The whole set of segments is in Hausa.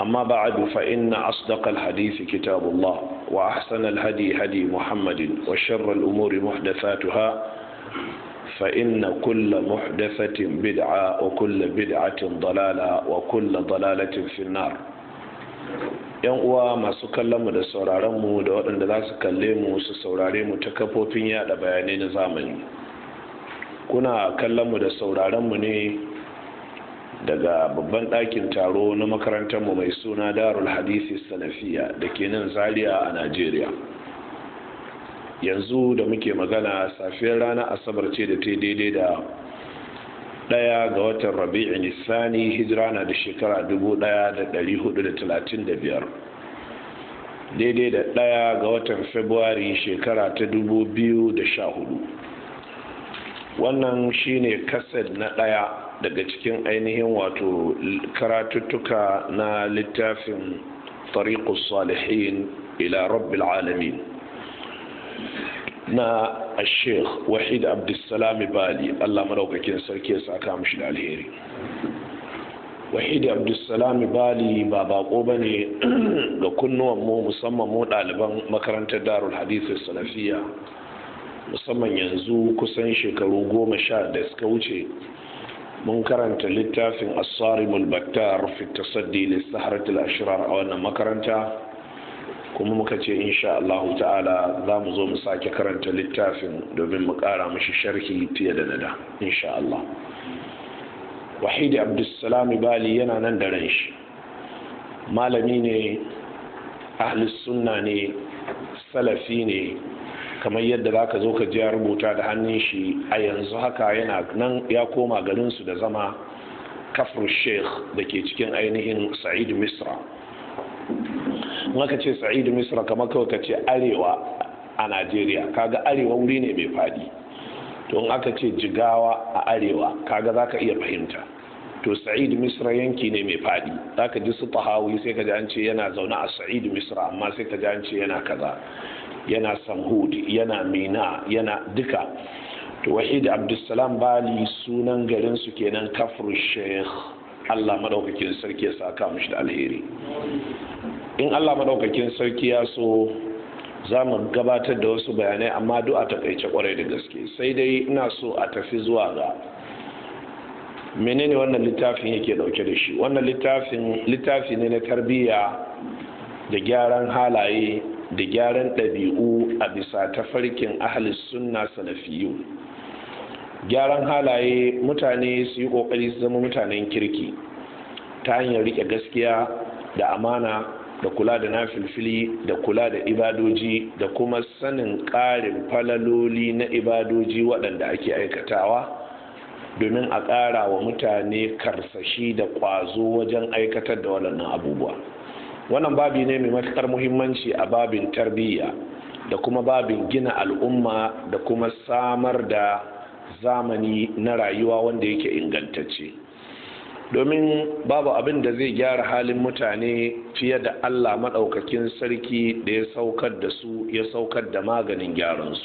أما بعد فإن أصدق الحديث كتاب الله وأحسن الهدي هدي محمد وشر الأمور محدثاتها فإن كل محدثة بدعة وكل بدعة ضلالة وكل ضلالة في النار yan uwa masu kallon mu da sauraron mu da waɗanda za su kalle mu su saurare mu ta kafofin yada bayanai na zamani kuna kallon mu da sauraron mu ne daga babban ɗakin taro na makarantarmu mai suna darul hadisi salafiya da ke nan zaria a najeriya yanzu da muke magana safiyar rana asabar ce da ta daidai da ɗaya ga watan Rabi'u nisani hijira na da shekara 1435 daidai da ɗaya ga watan februari shekara ta 2014 wannan shine kaset na ɗaya daga cikin ainihin wato karatuttuka na littafin tariqus salihin ila rabbil alamin na sheikh wahid abdulsalam bali allah madaukakin sarki ya saka mishi da alheri wahidi abdulsalam bali ba bako ba ne ga kunnuwan mu musamman mu ɗaliban makarantar darul hadith salafiya musamman yanzu kusan shekaru goma sha da suka wuce mun karanta littafin asari battar fi tasaddi lissaharatul ashirar a wannan makaranta kuma muka ce insha Allah ta'ala za mu zo mu sake karanta littafin domin mu kara mashi sharhi fiye da nada insha Allah wahidi abdulsalami bali yana nan da ran shi malami ne ahlus sunna ne salafi ne kamar yadda za ka zo ka ji rubuta da hannun shi a yanzu haka yana nan ya koma garinsu da zama kafir sheikh da ke cikin ainihin sa'id misra maka ce sa'id misra kamar kawai ka ce arewa a najeriya kaga arewa wuri ne mai fadi to in aka ce jigawa a arewa kaga za ka iya fahimta to sa'id misra yanki ne mai fadi za ka ji su tahawi sai ka ji an ce yana zaune a sa'id misra amma sai ka ji an ce yana kaza yana samhud yana mina yana duka to wahid abdulsalam bali sunan garin su kenan kafru sheikh allah madaukakin sarki ya saka mushi da alheri in allah madaukakin sarki ya so za mu gabatar da wasu bayanai amma duk a takaice kwarai da gaske sai dai ina so a tafi zuwa ga menene wannan littafin yake dauke da shi wannan littafin littafi ne na tarbiyya da gyaran halaye da gyaran ɗabi'u a bisa tafarkin ahalis sunna salafiyu gyaran halaye mutane su yi ƙoƙari su zama mutanen kirki ta hanyar riƙe gaskiya da amana da kula da na filfili da kula da ibadoji da kuma sanin ƙarin falaloli na ibadoji waɗanda ake aikatawa domin a ƙara wa mutane karsashi da ƙwazo wajen aikatar da waɗannan abubuwa. wannan babi ne mai matuƙar muhimmanci a babin tarbiyya da kuma babin gina al'umma da kuma samar da zamani na rayuwa wanda yake ingantacce domin babu abin da zai gyara halin mutane fiye da allah maɗaukakin sarki da ya saukar da su ya saukar da maganin gyaransu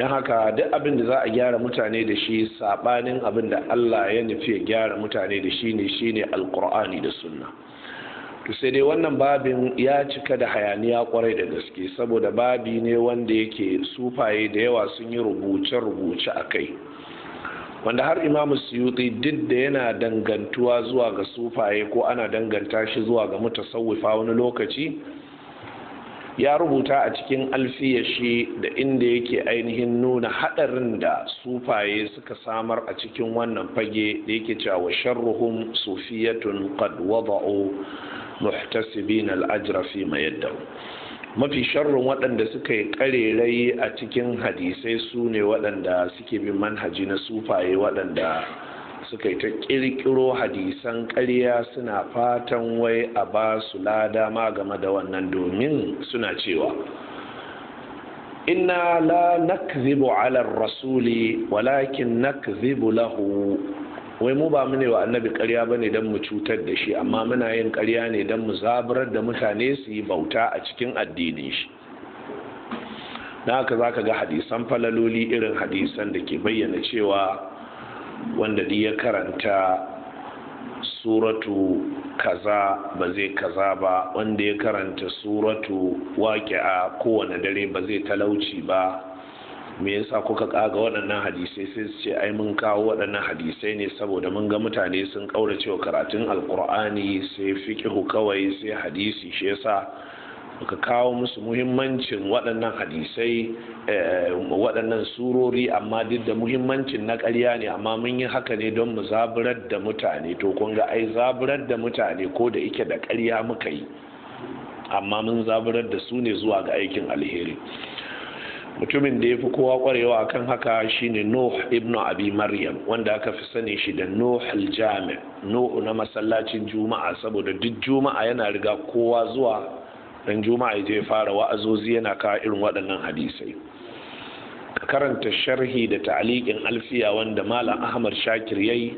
don haka duk abin da za a gyara mutane da shi saɓanin abin da allah ya nufi gyara mutane da shi ne shine alkur'ani da sunna sai dai wannan babin ya cika da hayaniya kwarai da gaske saboda babi ne wanda yake sufaye da yawa sun yi rubuce-rubuce a kai wanda har imamu suyuti duk da yana dangantuwa zuwa ga sufaye ko ana danganta shi zuwa ga mutasawwifa wani lokaci ya rubuta a cikin alfiya da inda yake ainihin nuna haɗarin da sufaye suka samar a cikin wannan fage da yake cewa sharruhum sufiyatun qad wada'u muhtasibin al'ajra fi ma yadda mafi sharrun waɗanda suka yi karerai a cikin hadisai sune ne waɗanda suke bin manhaji na sufaye waɗanda suka yi ta ƙirƙiro hadisan ƙarya suna fatan wai a ba su lada ma game da wannan domin suna cewa ina la nakzibu ala rasuli walakin nakzibu lahu wai mu ba ne wa annabi ƙarya ba ne don mu cutar da shi amma muna yin ƙarya ne don mu zaburar da mutane su yi bauta a cikin addinin shi na haka za ka ga hadisan falaloli irin hadisan da ke bayyana cewa wanda duk ya karanta suratu kaza ba zai kaza ba wanda ya karanta suratu waƙi'a kowane dare ba zai talauci ba me yasa kuka kaga waɗannan hadisai sai su ce ai mun kawo waɗannan hadisai ne saboda mun ga mutane sun ƙaurace wa karatun alƙur'ani sai fiƙihu kawai sai hadisi shi yasa muka kawo musu muhimmancin waɗannan hadisai eh, waɗannan surori amma duk da muhimmancin na ƙarya ne amma mun yi haka ne don mu zaburar da mutane to kun ga ai zaburar da mutane ko da ike da ƙarya muka yi amma mun zaburar da su ne zuwa ga aikin alheri mutumin da ya fi kowa kwarewa akan haka shine nuh ibn abi maryam wanda aka fi sani shi da nuh al-jami na masallacin juma'a saboda duk juma'a yana riga kowa zuwa dan juma'a je fara wa'azozi yana ka irin waɗannan hadisai karanta sharhi da ta'liqin alfiya wanda malam ahmad shakir yayi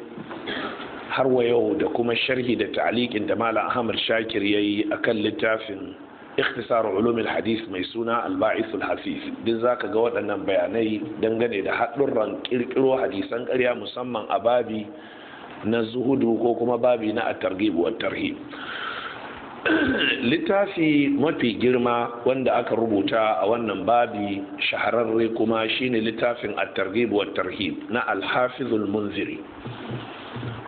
har wa yau da kuma sharhi da ta'liqin da malam ahmad shakir yayi akan littafin ikhtisar ulum hadis mai suna al alhafiz duk zaka ga waɗannan bayanai dangane da haɗurran kirkiro hadisan ƙarya musamman a babi na zuhudu ko kuma babi na at-targhib wa tarhib littafi mafi girma wanda aka rubuta a wannan babi shahararre kuma shine littafin at-targhib wa tarhib na al al munziri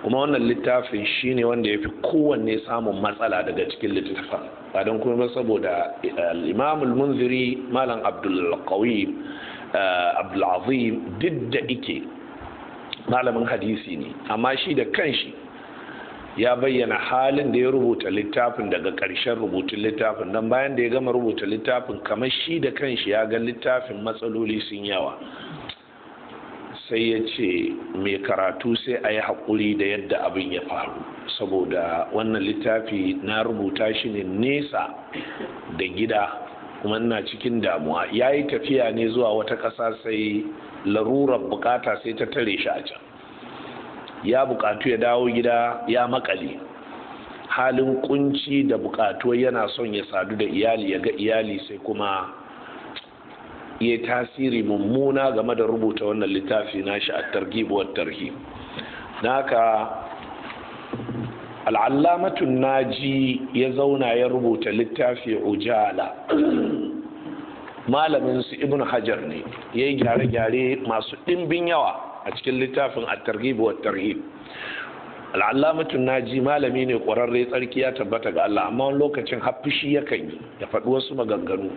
kuma wannan littafin shine wanda yafi kowanne samun matsala daga cikin littafin ba don kuma ba saboda al eh, al munziri malam abdul qawi eh, abdul azim duk da ike malamin hadisi ne amma shi da kanshi ya bayyana halin da ya rubuta littafin daga ƙarshen rubutun littafin don bayan da ya gama rubuta littafin kamar shi da kanshi ya ga littafin matsaloli sun yawa sai ya ce mai karatu sai a yi haƙuri da yadda abin ya faru saboda wannan littafi na rubuta shi ne nesa da gida kuma ina cikin damuwa ya yi tafiya ne zuwa wata ƙasa sai larurar bukata sai ta tare shi a can ya bukatu ya dawo gida ya makale halin kunci da bukatu yana son ya sadu da iyali ya ga iyali sai kuma ya tasiri mummuna game da rubuta wannan littafi na shi a targibuwar tarhi naka al'allamatun naji ya zauna ya rubuta littafi ujala malamin su ibn hajar ne ya yi gyare-gyare masu ɗimbin yawa a cikin littafin at-targhib wa tarhib al'allamatun naji malami ne ƙwararre tsarki ya tabbata ga Allah amma wani lokacin ya yakan yi ya faɗi wasu maganganu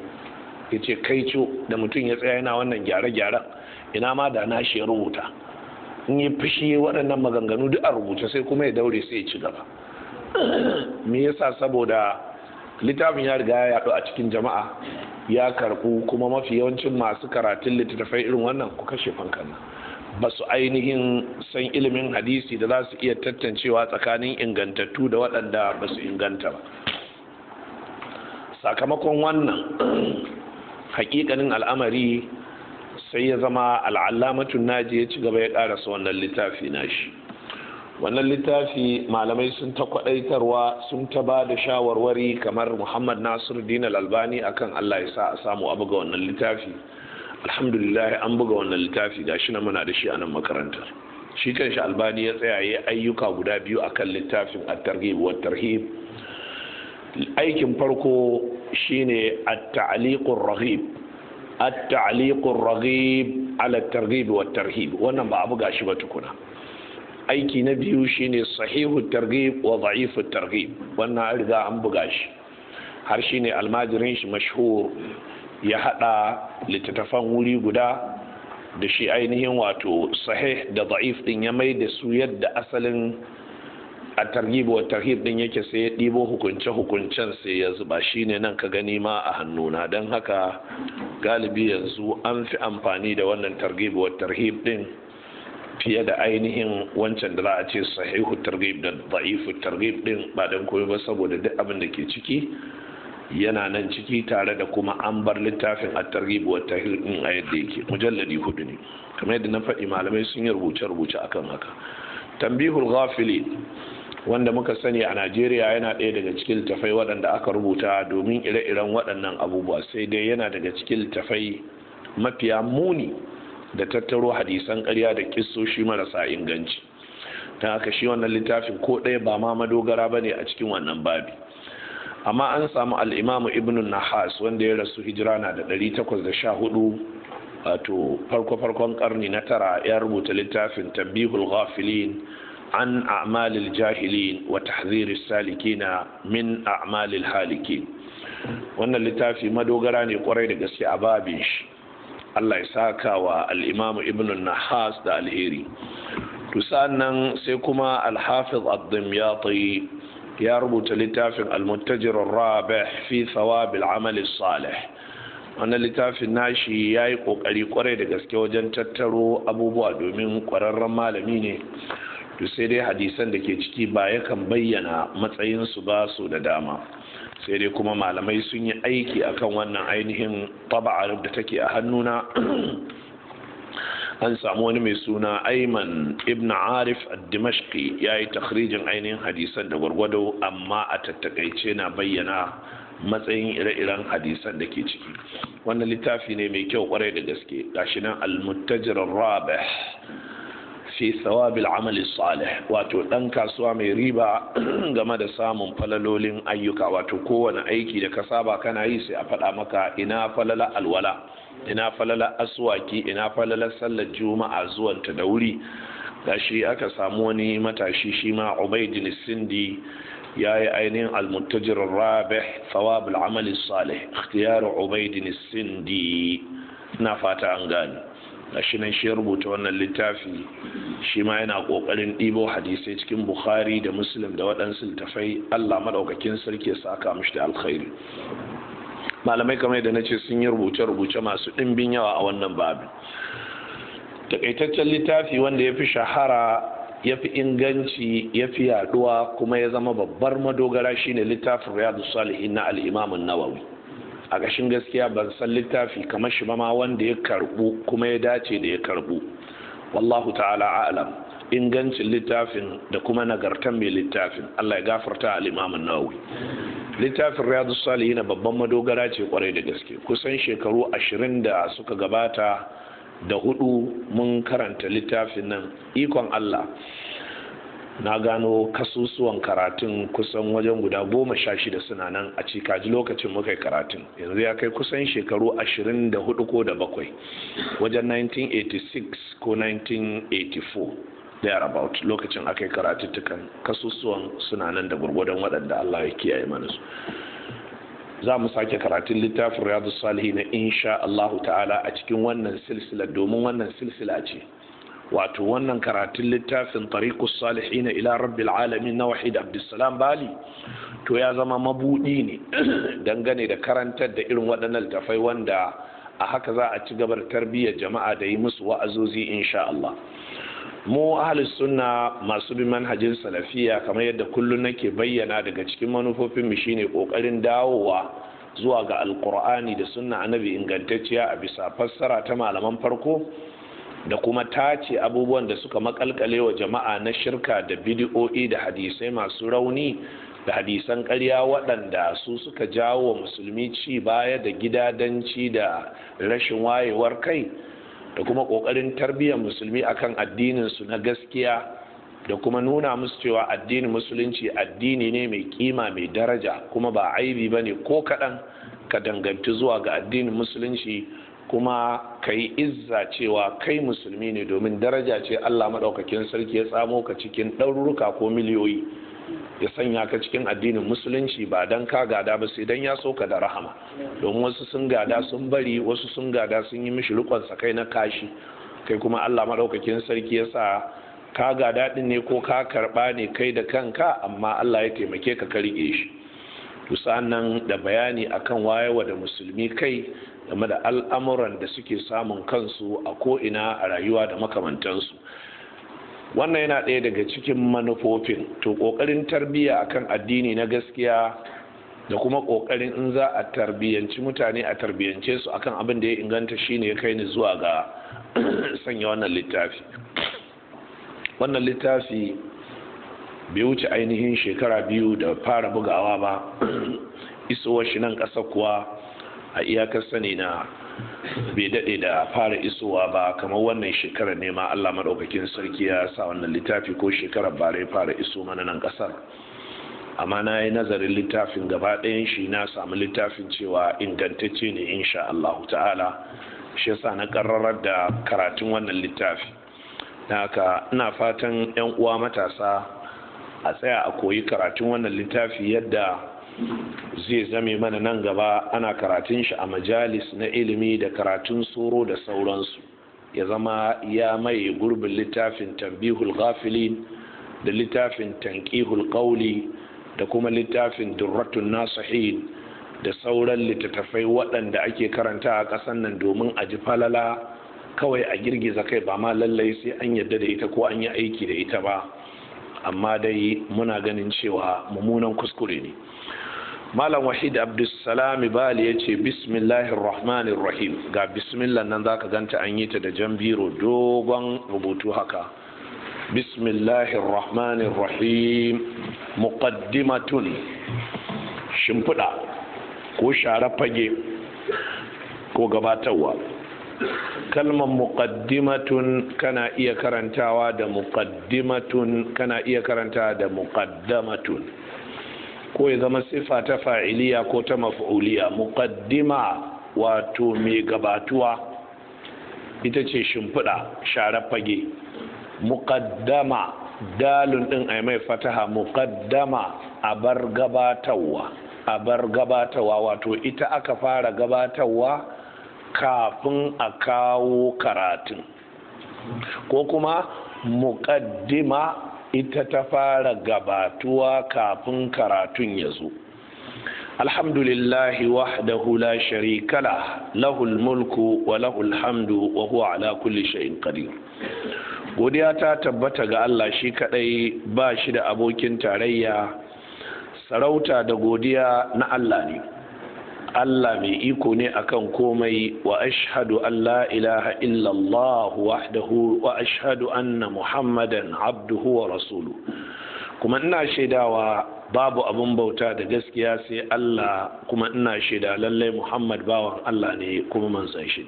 ya ce kai co da mutum ya tsaya yana wannan gyare-gyaren ina ma da na shi rubuta in yi fushi waɗannan maganganu duk a rubuta sai kuma ya daure sai ya ci gaba me yasa saboda littafin ya riga ya yaɗu a cikin jama'a ya karɓu kuma mafi yawancin masu karatun littattafai irin wannan ku kashe fankan nan ba su ainihin san ilimin hadisi da za su iya tantancewa tsakanin ingantattu da waɗanda ba su inganta ba sakamakon wannan hakikanin al'amari sai ya zama al'alamatun naji ya ci gaba ya ƙarasa wannan littafi shi. wannan littafi malamai sun ta kwaɗaitarwa sun ta ba da shawarwari kamar muhammad nasiru dinar albani akan allah ya sa a samu abu ga wannan littafi alhamdulillah an buga wannan littafi shi na muna da shi a nan makaranta shi shi albani ya tsaya ya ayyuka guda biyu a kan littafin at-targhib wa tarhib aikin farko shine at-ta'liqur raghib at-ta'liqur raghib ala at-targhib wa tarhib wannan ba a buga shi ba tukuna aiki na biyu shine sahihu targhib wa dha'ifu targhib wannan an riga an buga shi har shine almajirin shi mashhur ya haɗa littattafan wuri guda da shi ainihin wato sahih da da'if ɗin ya mai da su yadda asalin a targibu wa tarhib ɗin yake sai ya ɗibo hukunce hukuncen sai ya zuba Shi ne nan ka gani ma a hannuna don haka galibi yanzu an fi amfani da wannan targibu wa tarhib ɗin fiye da ainihin wancan da za a ce sahihu targib da da'ifu targhib ɗin. ba don koyo ba saboda duk abin da ke ciki yana nan ciki tare da kuma an bar littafin a tarihi wa ta din a yadda yake mujalladi hudu ne kamar yadda na faɗi malamai sun yi rubuce rubuce a kan haka tambihul ghafili wanda muka sani a Najeriya yana ɗaya daga cikin tafai waɗanda aka rubuta domin ire-iren waɗannan abubuwa sai dai yana daga cikin tafai mafiya muni da tattaro hadisan karya, da kissoshi marasa inganci ta haka shi wannan littafin ko ɗaya ba ma madogara ba ne a cikin wannan babi amma an samu al'imamu ibn nahas wanda ya rasu hijira na da 814 wato farko-farkon karni na tara ya rubuta littafin tabihul ghafilin an a'malil jahilin wa tahziris salikina min a'malil halikin wannan littafi madogara ne kwarai da gaske a babin shi Allah ya saka wa al'imamu ibn nahas da alheri to nan sai kuma alhafiz abdul ya rubuta littafin almuttajir rabih fi thawabil amali salih wannan littafin nashi ya yi kokari kwarai da gaske wajen tattaro abubuwa domin kwararren malami ne to sai dai hadisan da ke ciki ba ya kan bayyana matsayinsu ba su da dama sai dai kuma malamai sun yi aiki akan wannan ainihin taba'ar da take a hannuna an samu wani mai suna aiman ibn Arif ad-Dimashqi yi takhrijin ainihin hadisan da gwargwado amma a tattakaice na bayyana matsayin ire-iren hadisan da ke ciki wannan littafi ne mai kyau kwarai da gaske gashi nan al-muttajir rabih fi sawabil amali salih wato dan kasuwa mai riba game da samun falalolin ayyuka wato kowane aiki da ka saba kana yi sai a faɗa maka ina falala alwala ina falala aswaki ina falala sallar juma'a zuwanta da wuri gashi aka samu wani matashi shi ma ubaidin sindi ya yi ainihin almuttajir rabih sawabil amali salih ikhtiyar ubaidin sindi na fata an gani gashi nan shi rubuta wannan littafi shi ma yana kokarin ɗibo hadisai cikin bukhari da muslim da waɗansu littafai allah maɗaukakin sarki ya saka mishi da alkhairi malamai kamar da na ce sun yi rubuce-rubuce masu ɗimbin yawa a wannan babin takaitaccen littafi wanda ya fi shahara ya fi inganci ya fi yaduwa kuma ya zama babbar madogara shine littafin riyadu salihin na al'imamin nawawi a ƙashin gaskiya ban san littafi kamar shi ma wanda ya karbu kuma ya dace da ya karbu wallahu ta'ala a'lam ingancin littafin da kuma nagartan mai littafin Allah ya gafarta al imamin Nawawi littafin Riyadu Salihin babban madogara ce kwarai da gaske kusan shekaru ashirin da suka gabata da hudu mun karanta littafin nan ikon Allah na gano kasusuwan karatun kusan wajen guda goma sha shida suna nan a cikaji lokacin muka yi karatun yanzu ya kai kusan shekaru ashirin da hudu ko da bakwai wajen 1986 ko 1984 about lokacin aka yi karatuttukan kasusuwan suna nan da gurgudan waɗanda Allah ya kiyaye mana su za mu sake karatun littafin riyadu salihi na insha Allahu ta'ala a cikin wannan silsila domin wannan silsila ce wato wannan karatun littafin tariqus salihina ila rabbil alamin na wahid abdussalam bali to ya zama mabuɗi ne dangane da karantar da irin waɗannan littafai wanda a haka za a ci gabar tarbiyyar jama'a da yi musu wa'azozi insha Allah mu ahlus sunna masu bi manhajin salafiya kamar yadda kullum nake bayyana daga cikin manufofin mu shine kokarin dawowa zuwa ga alqur'ani da sunna annabi ingantacciya a bisa fassara ta malaman farko da kuma tace abubuwan da suka makalkale wa jama'a na shirka da bidiyo'i da hadisai masu rauni da hadisan karya waɗanda su suka jawo wa musulmi ci baya da gidadanci da rashin wayewar kai da kuma ƙoƙarin tarbiyyar musulmi akan addininsu na gaskiya da kuma nuna musu cewa addinin musulunci addini ne mai kima mai daraja kuma ba aibi ba ne ko kaɗan ka danganci zuwa ga addinin musulunci kuma ka yi izza cewa kai musulmi ne domin daraja ce Allah maɗaukakin sarki ya tsamo ka cikin ɗaruruka ko miliyoyi ya sanya ka cikin addinin musulunci ba don ka gada ba sai don ya so ka da rahama domin wasu sun gada sun bari wasu sun gada sun yi mishi rikon kai na kashi kai kuma Allah maɗaukakin sarki ya sa ka gada ɗin ne ko ka karɓa ne kai da kanka amma Allah ya taimake ka ka shi tusanan nan da bayani akan wayewa da musulmi kai game da al'amuran da suke samun kansu a ko'ina a rayuwa da makamantansu wannan yana ɗaya daga cikin manufofin to ƙoƙarin tarbiyya akan addini na gaskiya da kuma ƙoƙarin in za a tarbiyyanci mutane a tarbiyyance su akan abin da ya inganta shine ya kai ni zuwa ga sanya wannan littafi wannan littafi bai wuce ainihin shekara biyu da fara bugawa ba isowar shi nan ƙasa kuwa a iyakar sani na bai daɗe da fara isowa ba kamar wannan shekarar ne Allah maɗaukakin sarki ya sa wannan littafi ko shekarar bare fara iso mana nan ƙasar amma na yi nazarin littafin gaba ɗayan shi na samu littafin cewa ingantacce ne insha Allah ta'ala shi yasa na ƙarrarar da karatun wannan littafi na haka ina fatan 'yan uwa matasa a tsaya a koyi karatun wannan littafi yadda zai zame mana nan gaba ana karatun shi a majalis na ilimi da karatun tsoro da sauransu ya zama ya mai gurbin littafin tambihul ghafilin da littafin tankihul qawli da kuma littafin durratun nasihin da sauran littattafai waɗanda ake karanta a ƙasan nan domin a ji falala kawai a girgiza kai ba ma lallai sai an yadda da ita ko an yi aiki da ita ba amma dai muna ganin cewa mummunan kuskure ne. malam wahid abdussalam bali ya ce bismillahir rahmanir rahim ga bismillah nan zaka ganta an yi ta da jan biro dogon rubutu haka bismillahir rahmanir rahim muqaddimatun shimfiɗa ko share fage ko gabatarwa kalmar muqaddimatun kana iya karantawa da muqaddimatun kana iya karantawa da muqaddamatun ko ya zama sifa ta fa'iliya ko ta maf'uliya muqaddima wato mai gabatuwa ita ce shimfiɗa sharar fage muqaddama dalun ɗin a mai fataha muqaddama a bar gabatawa a bar gabatawa wato ita aka fara gabatarwa kafin a kawo karatun ko kuma muqaddima ita ta fara gabatuwa kafin karatun ya zo alhamdulillahi wahdahu la hula la lahul mulku wa lahul hamdu wa huwa ala kulli shay'in qadir godiya ta tabbata ga Allah shi kadai ba shi da abokin tarayya sarauta da godiya na Allah ne Allah mai iko ne akan komai wa ashhadu an la ilaha illallah wahdahu wa ashhadu anna muhammadan abduhu wa rasulu kuma ina shaidawa babu abin bauta da gaskiya sai Allah kuma ina shaida lallai muhammad bawan Allah ne kuma manzon shi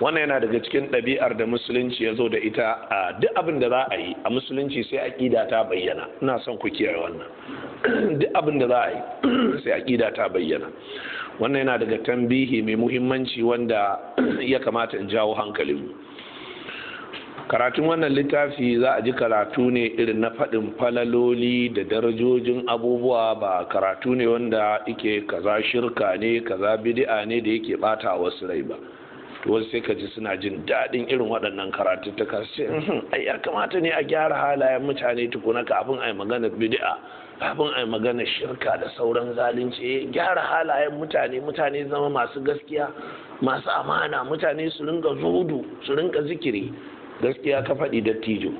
wannan yana daga cikin ɗabi'ar da musulunci ya zo da ita a duk abin da za a yi a musulunci sai aƙida ta bayyana ina son ku kiyaye wannan duk abin da za a yi sai aƙida ta bayyana wannan yana daga tambihi mai muhimmanci wanda ya kamata in jawo hankalinmu karatun wannan littafi za a ji karatu ne irin na faɗin falaloli da darajojin abubuwa ba karatu ne wanda yake kaza shirka ne kaza bidi'a ne da yake bata wasu rai ba to wasu sai ka ji suna jin daɗin irin waɗannan karatun ta kasu uhm, ai ya kamata ne a gyara halayen mutane tukuna kafin a yi magana bidi'a kafin a yi magana shirka da sauran zalunci eh, gyara halayen mutane mutane zama masu gaskiya masu amana mutane su ringa zudu su ringa zikiri gaskiya ka faɗi dattijo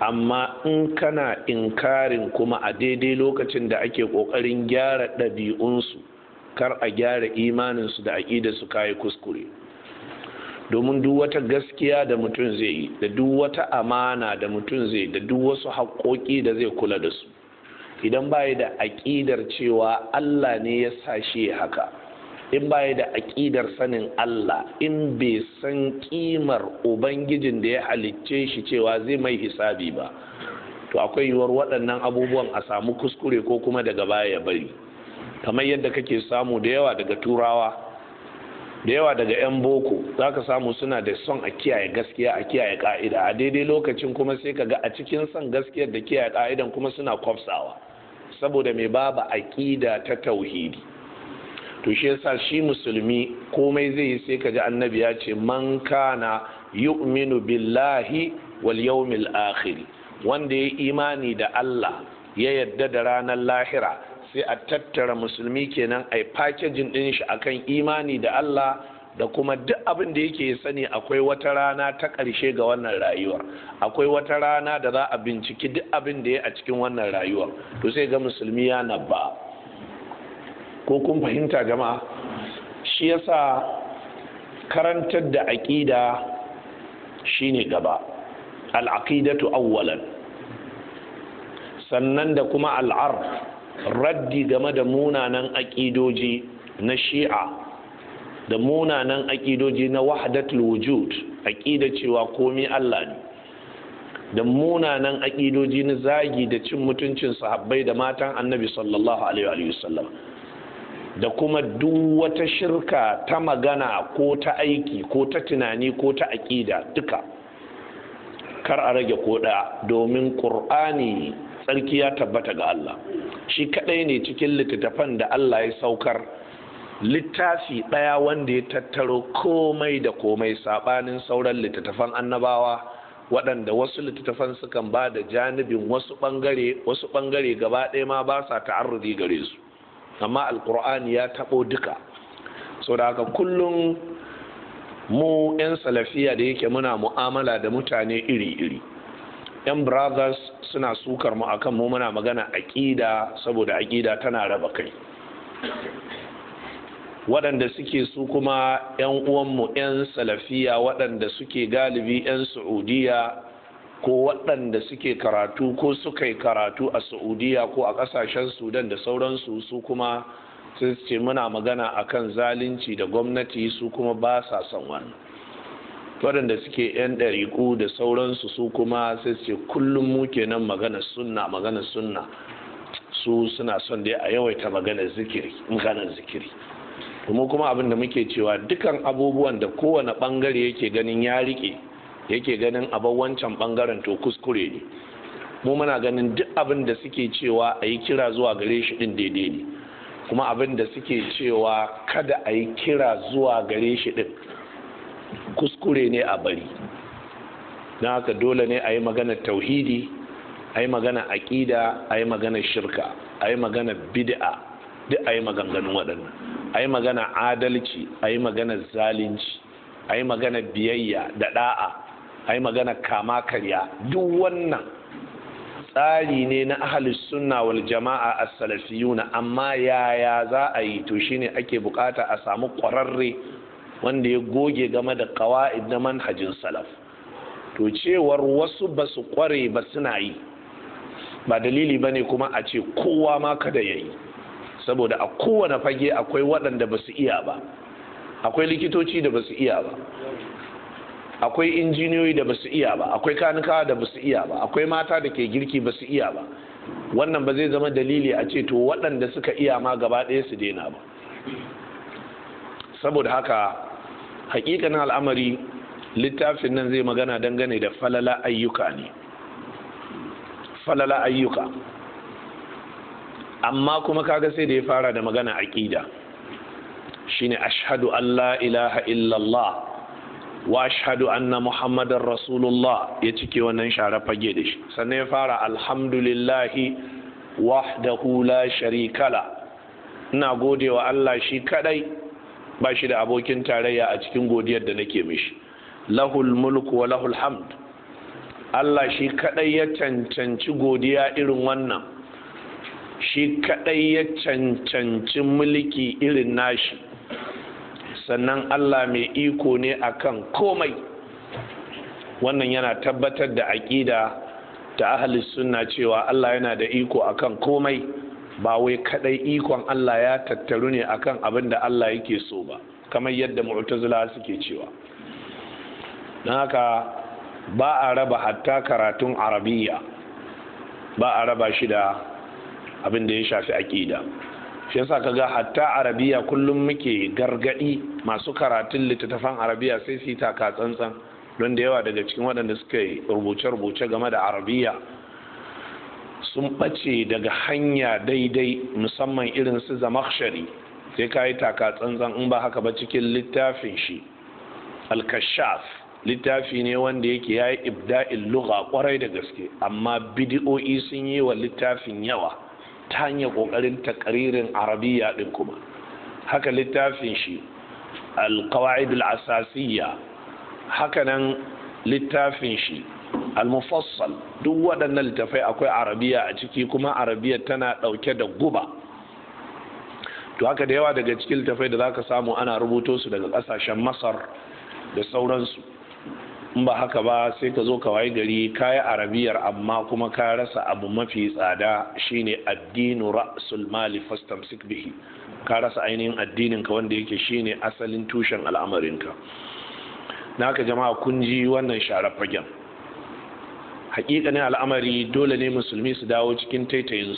amma in kana inkarin kuma a daidai lokacin da ake ƙoƙarin gyara ɗabi'unsu kar a gyara imaninsu da aƙidarsu kayi kuskure domin duk wata gaskiya da mutum zai yi da duk wata amana da mutum zai da duk wasu haƙoƙi da zai kula da su idan baya da aƙidar cewa Allah ne ya sa shi haka in baya da aƙidar sanin Allah in bai san ƙimar ubangijin da ya halicce shi cewa zai mai hisabi ba to akwai yiwuwar waɗannan abubuwan a samu kuskure ko kuma daga baya ya bari kamar yadda kake samu da yawa daga turawa da yawa daga 'yan boko za ka samu suna da son a kiyaye gaskiya a kiyaye ka'ida a daidai lokacin kuma sai ka ga a cikin son gaskiyar da kiyaye ka'idan kuma suna kwafsawa saboda mai babu aƙida ta tauhidi to shi yasa shi musulmi komai zai yi sai ka ji annabi ya ce man kana yu'minu billahi wal yawmil akhir wanda ya imani da Allah ya yadda da ranar lahira sai a tattara musulmi kenan a packaging din shi akan imani da Allah da kuma duk abin da yake sani akwai wata rana ta ƙarshe ga wannan rayuwa akwai wata rana da za a binciki duk abin da ya a cikin wannan rayuwa to sai ga musulmi ya naba ko kun fahimta jama'a shi yasa karantar da aƙida shine gaba al'aqidatu awwalan sannan da kuma al'ar raddi game da munanan aƙidoji na shi'a da munanan aƙidoji na wahdatul wujud aƙida cewa komai Allah ne da munanan aƙidoji na zagi da cin mutuncin sahabbai da matan annabi sallallahu alaihi wasallam da kuma duk wata shirka ta magana ko ta aiki ko ta tunani ko ta aƙida duka kar a rage ko ɗaya domin ƙur'ani tsarki ya tabbata ga Allah shi kadai ne cikin littattafan da Allah ya saukar littafi ɗaya wanda ya tattaro komai da komai saɓanin sauran littattafan annabawa waɗanda wasu littattafan sukan ba da janibin wasu ɓangare wasu ɓangare gaba ɗaya ma ba sa ta'arrudi gare su amma alkur'ani ya taɓo duka so da haka kullum mu 'yan salafiya da yake muna mu'amala da mutane iri-iri yan brothers suna sukar mu akan mu muna magana aƙida saboda aƙida tana raba kai waɗanda suke su kuma 'yan uwanmu 'yan salafiya waɗanda suke galibi 'yan saudiya ko waɗanda suke karatu ko suka yi karatu a saudiya ko a ƙasashen sudan da sauransu su kuma sun ce muna magana akan zalunci da gwamnati su kuma ba sa son wannan waɗanda suke 'yan ɗariƙu da sauransu su kuma sai ce kullum mu kenan magana sunna magana sunna su suna son dai a yawaita maganar zikiri maganar zikiri kuma kuma abin da muke cewa dukan abubuwan da kowane bangare yake ganin ya rike yake ganin abin wancan bangaren to kuskure ne mu muna ganin duk abin da suke cewa a yi kira zuwa gare shi din daidai ne kuma abin da suke cewa kada a yi kira zuwa gare shi din kuskure ne a bari don haka dole ne a yi magana tauhidi a yi magana aƙida a yi magana shirka a yi magana bid'a duk a yi maganganun waɗannan a yi magana adalci a yi magana zalunci a yi magana biyayya da ɗa'a a yi magana kama karya duk wannan tsari ne na ahalus sunna wal jama'a as salafiyuna amma yaya za a yi to shine ake bukata a samu ƙwararre wanda ya goge game da kawa'id na manhajin salaf to cewar wasu ba su kware ba suna yi ba dalili ba ne kuma a ce kowa ma kada ya yi saboda a kowane fage akwai waɗanda ba su iya ba akwai likitoci da ba su iya ba akwai injiniyoyi da ba su iya ba akwai kanikawa da ba su iya ba akwai mata da ke girki ba su iya ba wannan ba zai zama dalili a ce to waɗanda suka iya ma gaba ɗaya su daina ba saboda haka hakikanin al'amari littafin nan zai magana dangane da falala ayyuka ne falala ayyuka amma kuma kaga sai da ya fara da magana aƙida shine ashhadu an la ilaha illallah wa ashhadu anna muhammadar rasulullah ya cike wannan share fage da shi sannan ya fara alhamdulillahi wahdahu la sharikala ina gode wa Allah shi kadai ba shi da abokin tarayya a cikin godiyar da nake mishi lahul mulku wa lahul hamd Allah shi kadai ya cancanci godiya irin wannan shi kadai ya cancanci mulki irin nashi sannan Allah mai iko ne akan komai wannan yana tabbatar da aƙida ta ahalis sunna cewa Allah yana da iko akan komai ba wai kadai ikon Allah ya tattaru ne akan abin da Allah yake so ba kamar yadda mu'tazila suke cewa don haka ba a raba hatta karatun arabiya ba a raba shi da abin da ya shafi aƙida shi yasa kaga hatta arabiya kullum muke gargadi masu karatun littattafan arabiya sai su yi taka tsantsan don da yawa daga cikin waɗanda suka yi rubuce-rubuce game da arabiya sun ɓace daga hanya daidai musamman irin su zamakshari sai ka yi taka tsantsan in ba haka ba cikin littafin shi alkashaf littafi ne wanda yake ya yi ibda'in luga kwarai da gaske amma bidi'o'i sun yi wa littafin yawa ta hanyar ƙoƙarin takaririn arabiya ɗin kuma haka littafin shi alkawa'id asasiyya haka nan littafin shi al-mufassal duk waɗannan littafai akwai arabiya a ciki kuma arabiya tana ɗauke da guba to haka da yawa daga cikin littafai da zaka samu ana rubuto su daga ƙasashen masar da sauransu in ba haka ba sai ka zo ka waye gari kayi arabiyar amma kuma ka rasa abu mafi tsada shine addinu ra'sul mali fastamsik bihi ka rasa ainihin addinin ka wanda yake shine asalin tushen al'amarinka naka jama'a kun ji wannan share fagen hakikanin al'amari dole ne musulmi su dawo cikin su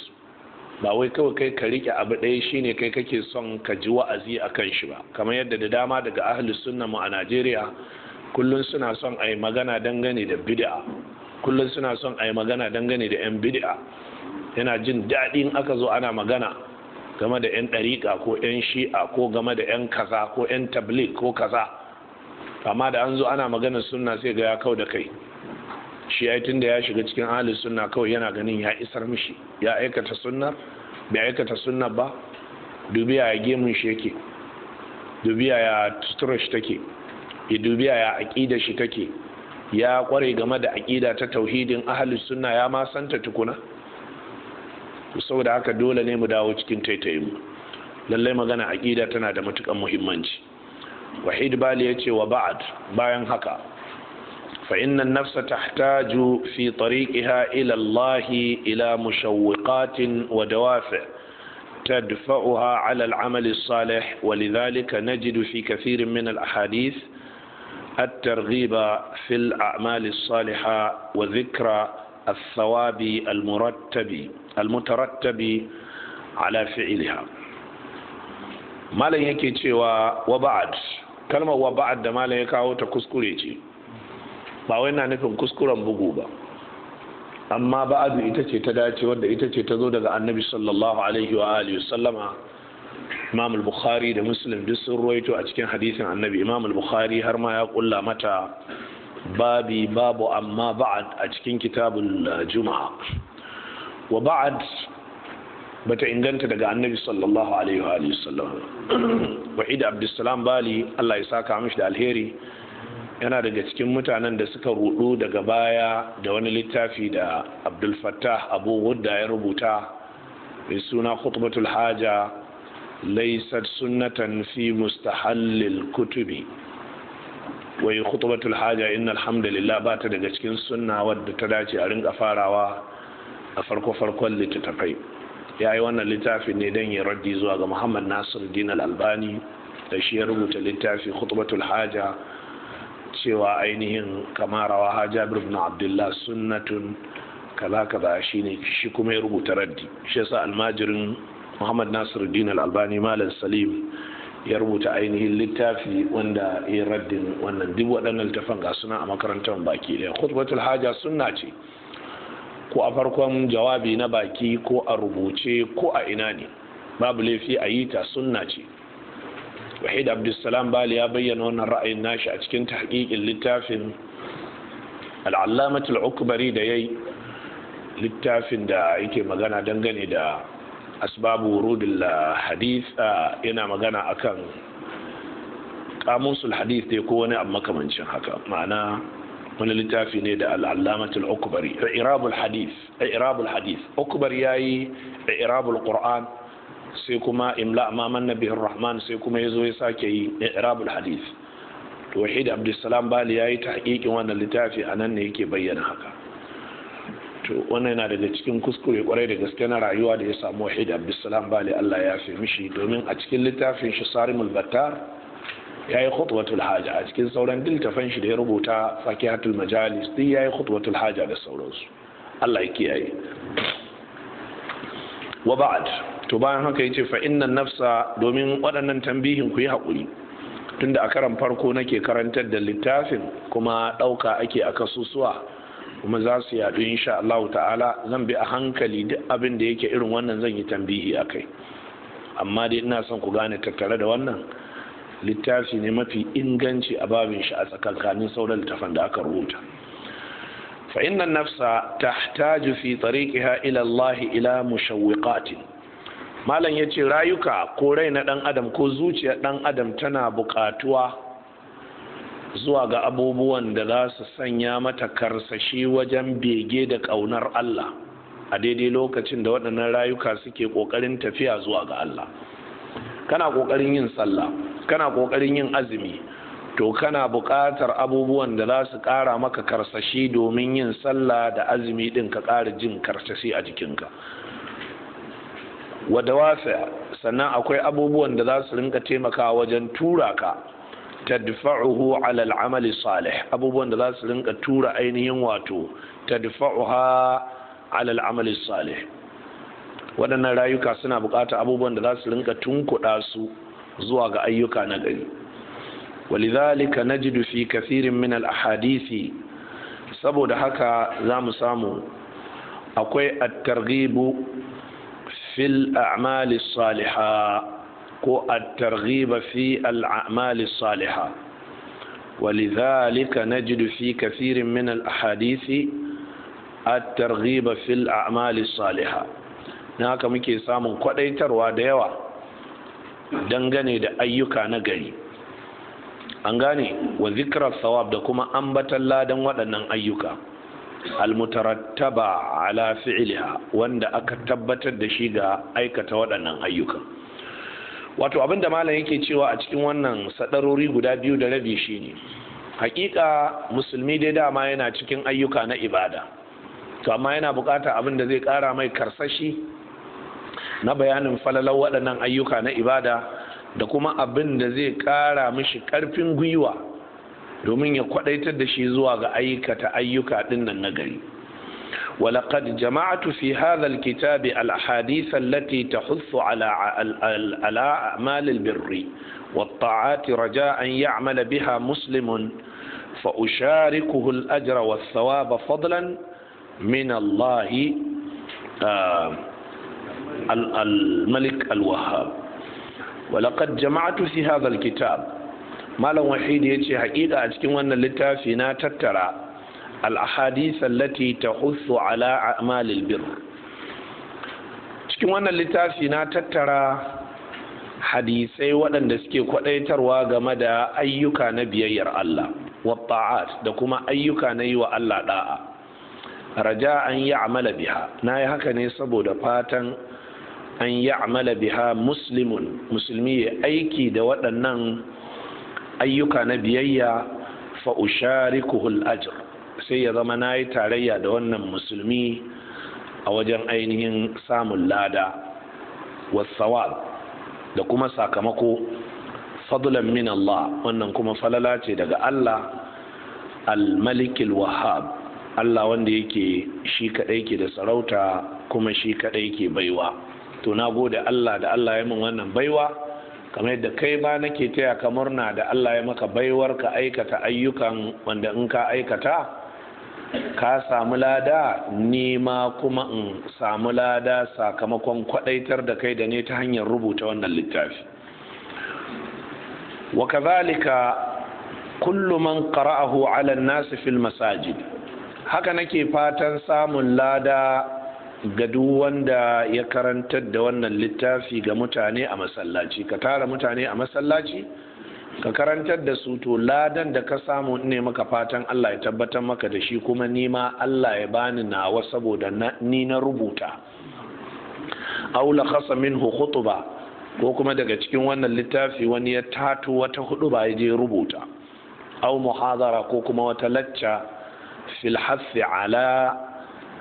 ba wai kawai kai ka rike abu ɗaya shine kai kake son ka ji wa'azi a kan shi ba kamar yadda da dama daga ahli sunna mu a Najeriya kullum suna son a yi magana dangane da bid'a kullum suna son a yi magana dangane da 'yan bid'a yana jin daɗin aka zo ana magana game da 'yan ɗariƙa ko 'yan shi'a ko game da 'yan kaza ko 'yan tablik ko kaza amma da an zo ana magana sunna sai ga ya kau da kai shi tun da ya shiga cikin ahli sunna kawai yana ganin ya isar mishi ya aikata sunna bai aikata sunna ba Dubiya ya gemun shi yake Dubiya ya sutura shi take ya dubiya ya aƙida shi take ya kware game da aƙida ta tauhidin ahli sunna ya ma santa tukuna saboda haka dole ne mu dawo cikin taitayin mu lallai magana aƙida tana da matukan muhimmanci wahid bali ya ce wa Ba'ad bayan haka فإن النفس تحتاج في طريقها إلى الله إلى مشوقات ودوافع تدفعها على العمل الصالح ولذلك نجد في كثير من الأحاديث الترغيب في الأعمال الصالحة وذكر الثواب المرتب المترتب على فعلها ما يكي cewa وبعد كلمة وبعد ما لن يكاو ya ba wai na nufin kuskuren bugu ba amma ba'adu ita ce ta dace wadda ita ce ta zo daga annabi sallallahu alaihi wa alihi sallama imam al-bukhari da muslim duk sun ruwaito a cikin hadisin annabi imam al-bukhari har ma ya kulla mata babi babu amma ba'ad a cikin kitabul juma'a wa ba'ad bata inganta daga annabi sallallahu alaihi wa alihi sallam wahid abdussalam bali Allah ya saka mishi da alheri yana daga cikin mutanen da suka rudu daga baya da wani littafi da abdul fattah abu wadda ya rubuta mai suna khutbatul haja laisar sunnatan fi mustahallil kutubi wai khutbatul haja inna alhamdulillah ba ta daga cikin sunna wadda ta dace a rinka farawa a farko-farkon littattafai ya yi wannan littafin ne don ya raddi zuwa ga muhammad nasir din albani da shi ya rubuta littafi khutbatul haja cewa ainihin kamarawa rawa jabir bin abdullah sunnatun kaza kaza shine shi kuma ya rubuta raddi shi yasa almajirin muhammad Nasiru din albani malam salim ya rubuta ainihin littafi wanda ya raddin wannan duk waɗannan littafan ga suna a makarantar baki ɗaya khutbatul haja sunna ce ko a farkon jawabi na baki ko a rubuce ko a ina ne babu laifi a yi ta sunna ce wahid abdulsalam bali ya bayyana wannan ra'ayin nashi a cikin tahqiqin littafin al'allamatul ukbari da yayi littafin da yake magana dangane da asbabu wurudil hadith yana magana akan kamusul hadith dai ko wani abu makamancin haka ma'ana wani littafi ne da al'allamatul ukbari irabul hadith irabul hadith ukbari yayi irabul qur'an sai kuma imla amaman bihin rahman sai kuma ya zo ya sake yi irabul hadith to wahid abdulsalam bali ya yi ta hakikin wannan littafi a nan ne yake bayyana haka to wannan yana daga cikin kuskure kwarai da gaske na rayuwa da ya samu wahid abdulsalam bali allah ya fi mishi domin a cikin littafin shi sarimul battar ya yi khutwatul haja a cikin sauran diltafan shi da ya rubuta fakihatul majalis din ya yi khutwatul haja da sauransu allah ya kiyaye wa ba'ad to bayan haka yace fa innan nafsa domin waɗannan tambihin ku yi hakuri, tunda a karan farko nake karantar da littafin kuma ɗauka ake a kasusuwa kuma za su yaɗu insha Allah ta'ala zan bi a hankali duk abin da yake irin wannan zan yi tambihi a kai amma dai ina son ku gane tattare da wannan littafi ne mafi inganci a babin shi a tsakankanin sauran littafin da aka rubuta فإن nafsa tahtaju fi tariqiha ila Allah ila مشوقات malam ya ce rayuka ko rai na ɗan adam ko zuciyar ɗan adam tana buƙatuwa zuwa ga abubuwan da za su sanya mata karsashi wajen bege da ƙaunar Allah a daidai lokacin da waɗannan rayuka suke ƙoƙarin tafiya zuwa ga Allah kana ƙoƙarin yin sallah kana ƙoƙarin yin azumi to kana buƙatar abubuwan da za su ƙara maka karsashi domin yin sallah da azumi ɗin ka ƙara jin karsashi a jikinka wa dawafi sannan akwai abubuwan da za su rinka taimakawa wajen tura ka tadfa'uhu ala al'amali salih abubuwan da za su rinka tura ainihin wato tadfa'uha ala al'amali salih waɗannan rayuka suna buƙatar abubuwan da za su rinka tunkuɗa su zuwa ga ayyuka na gari walidhalika najidu fi kathirin min al-ahadisi saboda haka za mu samu akwai at-targhibu في a'mali salihah ko الترغيب في fi al ولذلك نجد في كثير من الأحاديث الترغيب في الأعمال الصالحة ناك مكي سامن قديتر وديوة دنغني دا أيوكا نغني أنغاني وذكر الثواب دا كما أنبت الله دن ودنن ayyuka almutarattaba ala fi'liha wanda aka tabbatar da shi ga aikata waɗannan ayyukan wato abin da malam yake cewa a cikin wannan sadarori guda biyu da rabi shine hakika musulmi dai dama yana cikin ayyuka na ibada to amma yana bukata abin da zai kara mai karsashi na bayanin falalar waɗannan ayyuka na ibada da kuma abin da zai kara mishi karfin gwiwa domin ya kwadaitar da shi zuwa ga ayyukata ayyuka dinnan na gari ولقد جمعت في هذا الكتاب الأحاديث التي تحث على على أعمال البر والطاعات رجاء يعمل بها مسلم فأشاركه الأجر والثواب فضلا من الله الملك الوهاب ولقد جمعت في هذا الكتاب malam wahid ya ce haƙiƙa a cikin wannan littafi na tattara al-ahadith allati tahussu ala a'malil birr cikin wannan littafi na tattara hadisai waɗanda suke kwaɗaitarwa game da ayyuka na biyayyar Allah wa ta'at da kuma ayyuka na yi wa Allah da'a raja an yi amala biha na yi haka ne saboda fatan an yi amala biha muslimun musulmi aiki da waɗannan ayyuka na biyayya fa usharikuhul ajr sai ya zama nayi tarayya da wannan musulmi a wajen ainihin samun lada wasawal da kuma sakamako fadlan min Allah wannan kuma falala ce daga Allah al-malikil wahab Allah wanda yake shi kadai ke da sarauta kuma shi kadai ke baiwa to na gode Allah da Allah ya min wannan baiwa kamar yadda kai ma nake taya ka murna da Allah ya maka baiwar ka aikata ayyukan wanda in ka aikata ka samu lada ni ma kuma in samu lada sakamakon kwadaitar da kai da ne ta hanyar rubuta wannan littafi wa kazalika kullu man qara'ahu 'ala an-nas fil masajid haka nake fatan samun lada ga duk wanda ya karantar da wannan littafi ga mutane a masallaci ka tara mutane a masallaci ka karantar da su to ladan da ka samu ne maka fatan Allah ya tabbatar maka da shi kuma nima Allah ya bani nawa saboda ni na rubuta aula khasa minhu khutba ko kuma daga cikin wannan littafi wani ya tato wata hudu ba ya je rubuta au muhadara ko kuma wata lacca fil ala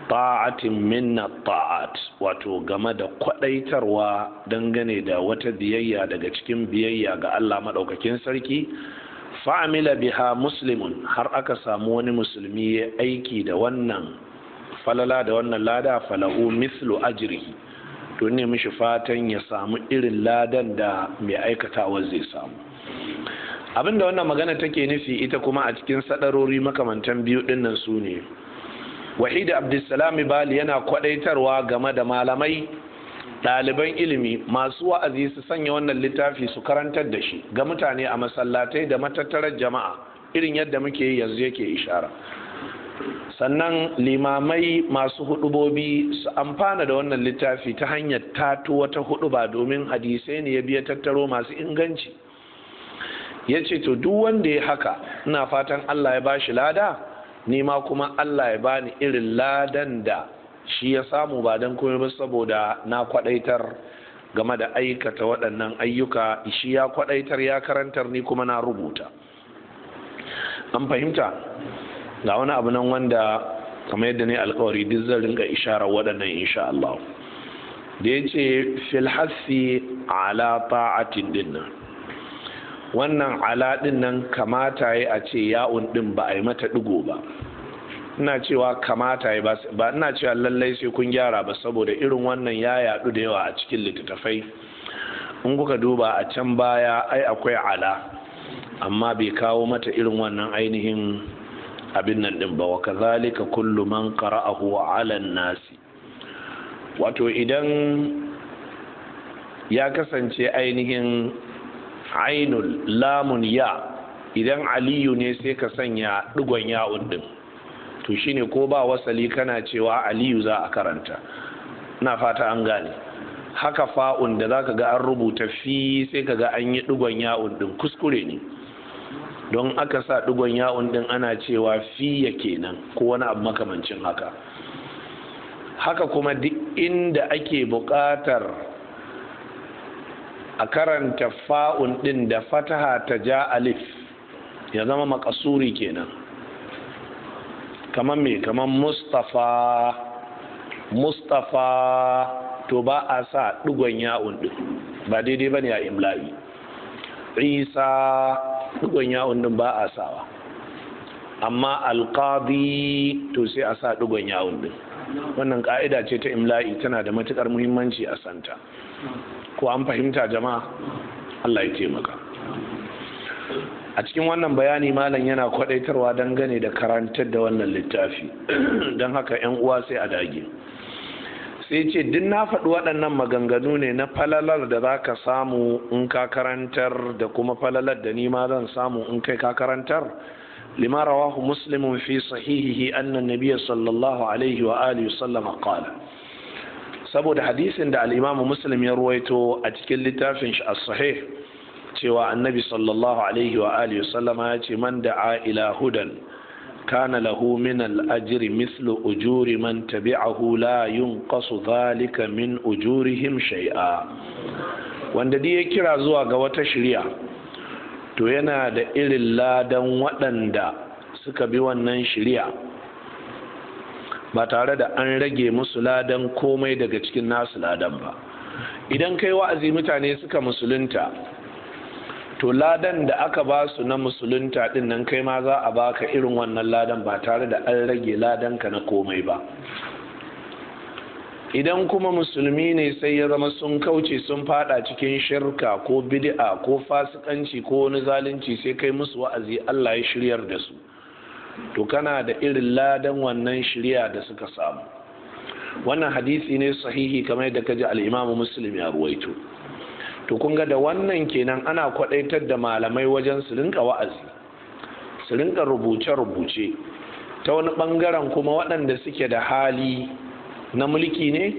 ta'atin minna ta'at wato game da kwadaitarwa dangane da wata biyayya daga cikin biyayya ga Allah maɗaukakin sarki fa'amila biha muslimun har aka samu wani musulmi ya aiki da wannan falala da wannan lada falahu mislu ajrihi to ne mishi fatan ya samu irin ladan da mai aikatawa zai samu abinda wannan magana take nufi ita kuma a cikin sadarori makamantan biyu dinnan su ne wahida abdulsalami bali yana kwadaitarwa game da malamai ɗaliban ilimi masu wa'azi su sanya wannan littafi su karantar da shi ga mutane a masallatai da matattarar jama'a irin yadda muke yi yanzu yake ishara sannan limamai masu hudubobi su amfana da wannan littafi ta hanyar tato wata ba domin hadisai ne ya biya tattaro masu inganci ya ce to duk wanda ya haka ina fatan allah ya bashi lada ni ma kuma Allah ya bani irin ladan da shi ya samu ba don komai ba saboda na kwadaitar game da aikata waɗannan ayyuka shi ya kwadaitar ya karantar ni kuma na rubuta an fahimta ga wani abu nan wanda kamar yadda ne alkawari duk zan ringa isharar waɗannan insha Allah da ya ce filhassi ala ta'atin dinnan wannan ala nan kamata ya a ce ya'un din ba a yi mata digo ba ina cewa kamata yi ba ina cewa lallai sai kun gyara ba saboda irin wannan ya yadu da yawa a cikin littattafai in kuka duba a can baya ai akwai ala amma bai kawo mata irin wannan ainihin abin nan din ba wa kazalika kullu man qara'ahu ala nasi wato idan ya kasance ainihin ainul lamun ya idan aliyu ne sai ka sanya digon ya'un din to shine ko ba wasali kana cewa aliyu za a karanta na fata an gane haka fa'un da za ka ga an rubuta fi sai ka ga an yi digon ya'un din kuskure ne don aka sa digon ya'un din ana cewa fi fiya kenan ko wani abu makamancin haka haka kuma duk inda ake buƙatar a karanta fa'un ɗin da fataha ta ja alif ya zama makasuri kenan kamar me kamar mustafa mustafa to ba a sa ɗigon ya'un ɗin ba daidai ba ne a imla'i isa ɗigon ya'un ɗin ba a sawa amma alƙadi to sai a sa ɗigon ya'un ɗin wannan ka'ida ce ta imla'i tana da matukar muhimmanci a santa ko an fahimta jama'a Allah ya taimaka a cikin wannan bayani malam yana kwadaitarwa dangane da karantar da wannan littafi don haka 'yan uwa sai a dage sai ce duk na faɗi waɗannan maganganu ne na falalar da za ka samu in ka karantar da kuma falalar da ni ma zan samu in kai ka karantar لما رواه مسلم في صحيحه أن النبي صلى الله عليه وآله وسلم قال saboda hadisin da al'imamu muslim ya ruwaito a cikin littafin shi as-sahih cewa annabi sallallahu alaihi wa alihi sallama ya ce man da'a ila hudan kana lahu min al-ajri mislu ujuri man tabi'ahu la yunqasu dhalika min ujurihim shay'a wanda dai ya kira zuwa ga wata shari'a to yana da irin ladan waɗanda suka bi wannan shirya ba tare da an rage musu ladan komai daga cikin nasu ladan ba idan kai wa'azi mutane suka musulunta to ladan da aka ba su na musulunta din nan kai ma za a baka irin wannan ladan ba tare da an rage Ladan ka na komai ba idan kuma musulmi ne sai ya zama sun kauce sun fada cikin shirka ko bid'a ko fasikanci ko wani zalunci sai kai musu wa'azi Allah ya shiryar da su to kana da irin ladan wannan shirya da suka samu wannan hadisi ne sahihi kamar yadda kaji al-Imam Muslim ya ruwaito to kun ga da wannan kenan ana kwadaitar da malamai wajen su rinka wa'azi su rinka rubuce-rubuce ta wani bangaren kuma waɗanda suke da hali na mulki ne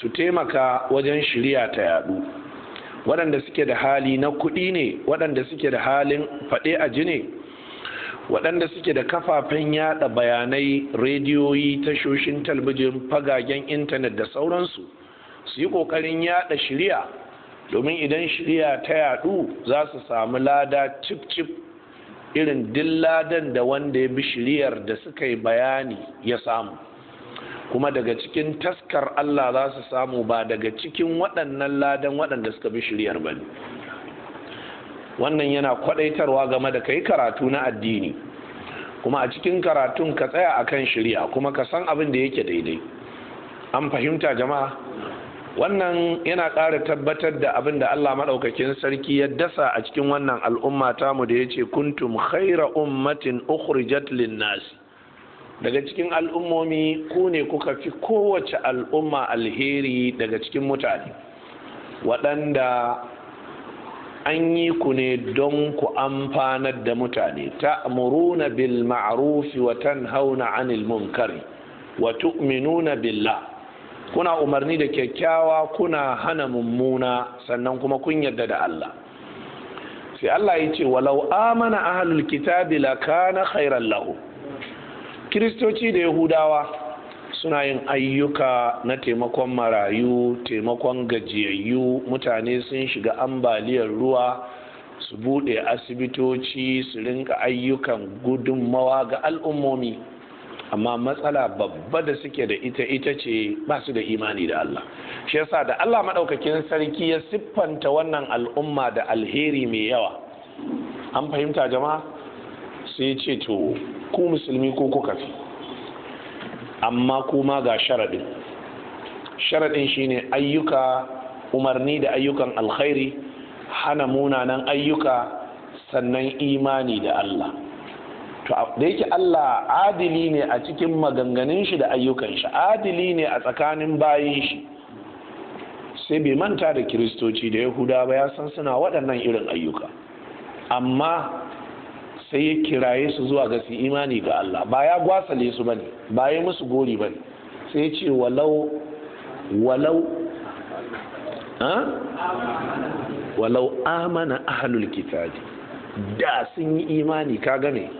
su taimaka wajen shirya ta yadu waɗanda suke da hali na kuɗi ne waɗanda suke da halin faɗe a ji ne waɗanda suke da kafafen yada bayanai rediyoyi tashoshin talbijin fagagen intanet da sauransu su yi ƙoƙarin yada shirya domin idan shirya ta yadu za su samu lada cip cip irin dilladan da wanda ya bi shiriyar da suka yi bayani ya samu kuma daga cikin taskar Allah za su samu ba daga cikin waɗannan ladan waɗanda suka bi shiryar ba wannan yana kwaɗaitarwa game da kai karatu na addini kuma a cikin karatun ka tsaya a kan shirya kuma ka san abin da yake daidai an fahimta jama'a wannan yana ƙara tabbatar da abin da Allah maɗaukakin sarki ya dasa a cikin wannan al'umma tamu da ya ce kuntum khaira ummatin ukhrijat lin nasi daga cikin al'ummomi ku ne kuka fi kowace al'umma alheri daga cikin mutane waɗanda an yi ku ne don ku amfanar da mutane ta muruna bil ma'rufi wa tanhauna 'anil munkari wa tu'minuna billah kuna umarni da kyakkyawa kuna hana mummuna sannan kuma kun yarda da Allah sai Allah ya ce walau amana ahlul kitabi lakana khairan lahu kiristoci da yahudawa suna yin ayyuka na taimakon marayu taimakon gajiyayyu mutane sun shiga ambaliyar ruwa su bude asibitoci su rinka ayyukan gudunmawa ga al'ummomi amma matsala babba da suke da ita ita ce ba su da imani da Allah shi yasa da Allah maɗaukakin sarki ya siffanta wannan al'umma da alheri mai yawa an fahimta jama'a sai ce to ku musulmi ko kuka fi amma kuma ga sharaɗin sharaɗin shine ayyuka umarni da ayyukan alkhairi hana munanan ayyuka sannan imani da Allah to da yake Allah adili ne a cikin maganganun shi da ayyukan shi adili ne a tsakanin bayin shi sai bai manta da kiristoci da yahuda ba ya san suna waɗannan irin ayyuka amma sai ya kiraye su zuwa ga imani ga Allah ba ya gwasale su bane ba ya musu gori bane sai ya ce walau walau walau amana ahlul kitabi da sun yi imani ka gane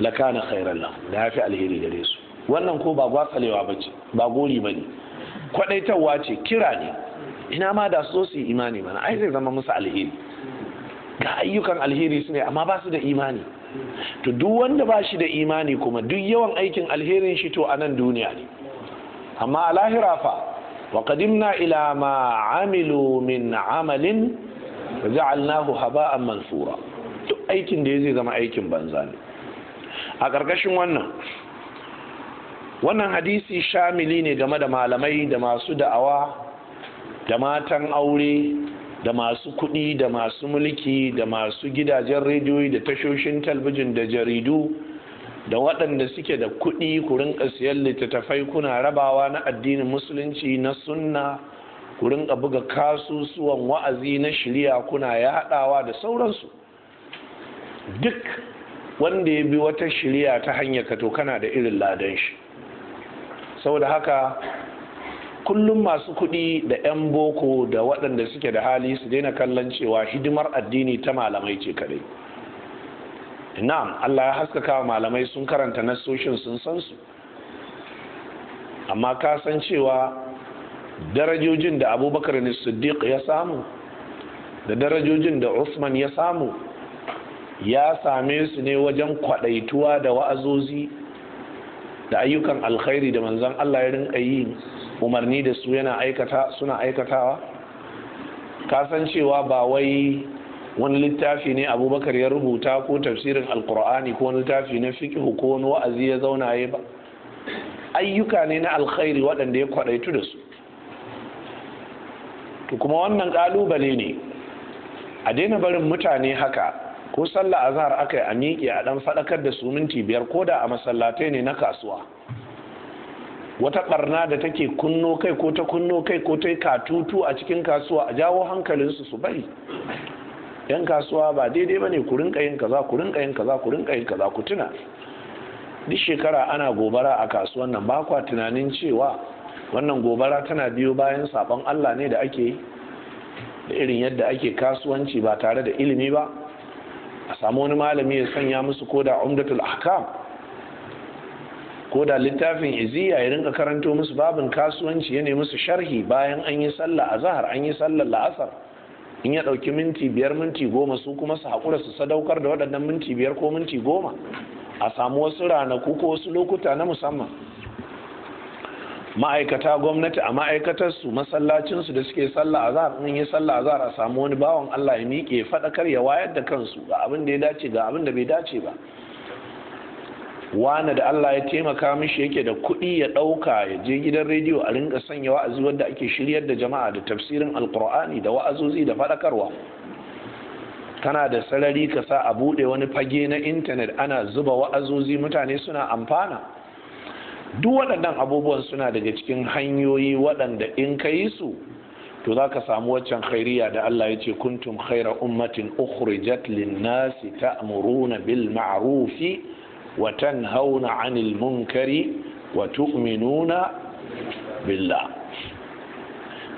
lakana khairan lahu da fi alheri gare su wannan ko ba gwasalewa bace ba gori bane kwadaitawa ce kira ne ina ma da so su yi imani mana ai zai zama musu alheri ga ayyukan alheri su ne amma ba su da imani to duk wanda ba shi da imani kuma duk yawan aikin alherin shi to a nan duniya ne amma a lahira fa wa qadimna ila ma amilu min amalin ja'alnahu haba'an mansura duk aikin da zai zama aikin banza ne a ƙarƙashin wannan wannan hadisi shamili ne game da malamai da masu da'awa da matan aure da masu kuɗi da masu mulki da masu gidajen rediyo da tashoshin talbijin da jaridu da waɗanda suke da kuɗi ku rinka siyan littattafai kuna rabawa na addinin musulunci na sunna ku rinka buga kasusuwan wa'azi na shirya kuna yaɗawa da sauransu duk wanda ya bi wata shirya ta hanyar kato kana da irin ladan shi saboda haka kullum masu kuɗi da 'yan boko da waɗanda suke da hali su daina kallon cewa hidimar addini ta malamai ce kadai na'am Allah ya haskaka wa malamai sun karanta na soshin sun san su amma ka san cewa darajojin da abubakar ne siddiq ya samu da darajojin da usman ya samu ya same su ne wajen kwaɗaituwa da wa'azozi da ayyukan alkhairi da manzan Allah ya rinka yi umarni da su yana aikata suna aikatawa ka san cewa ba wai wani littafi ne abubakar ya rubuta ko tafsirin alkur'ani ko wani littafi na fiqh ko wani wa'azi ya zauna ya ba ayyuka ne na alkhairi waɗanda ya kwaɗaitu da su to kuma wannan ƙalubale ne a daina barin mutane haka ko sallah azhar aka yi a miƙe a ɗan faɗakar da su minti biyar ko da a masallatai ne na kasuwa wata ɓarna da take kunno kai ko ta kunno kai ko ta yi katutu a cikin kasuwa a jawo hankalinsu su bari yan kasuwa ba daidai ba ne ku rinka yin kaza ku rinka yin kaza ku rinka yin kaza ku tuna duk shekara ana gobara a kasuwan nan ba kwa tunanin cewa wannan gobara tana biyo bayan sabon Allah ne da ake yi da irin yadda ake kasuwanci ba tare da ilimi ba a samu wani malami ya sanya musu koda umdatul ahkam ko da littafin iziya ya rinka karanto musu babin kasuwanci ya ne musu sharhi bayan an yi sallah a zahar an yi sallah la'asar in ya ɗauki minti biyar minti goma su kuma su haƙura su sadaukar da waɗannan minti biyar ko minti goma a samu wasu ranaku ko wasu lokuta na musamman ma'aikata gwamnati a ma'aikatar ma'aikatarsu masallacinsu da suke sallah a zahar in yi sallah a zahar a samu wani bawan Allah ya miƙe faɗakar ya wayar da kansu ga abin da ya dace ga abin da bai dace ba wani da Allah ya taimaka mishi yake da kuɗi ya ɗauka ya je gidan rediyo a rinka sanya wa'azi wanda ake shiryar da jama'a da tafsirin alkur'ani da wa'azozi da faɗakarwa kana da sarari ka sa a buɗe wani fage na intanet ana zuba wa'azozi mutane suna amfana duk waɗannan abubuwan suna daga cikin hanyoyi waɗanda in ka yi su to za ka samu waccan khairiya da Allah ya ce kuntum khaira ummatin ukhrijat lin-nasi ta'muruna bil ma'rufi وتنهون عن المنكر وتؤمنون بالله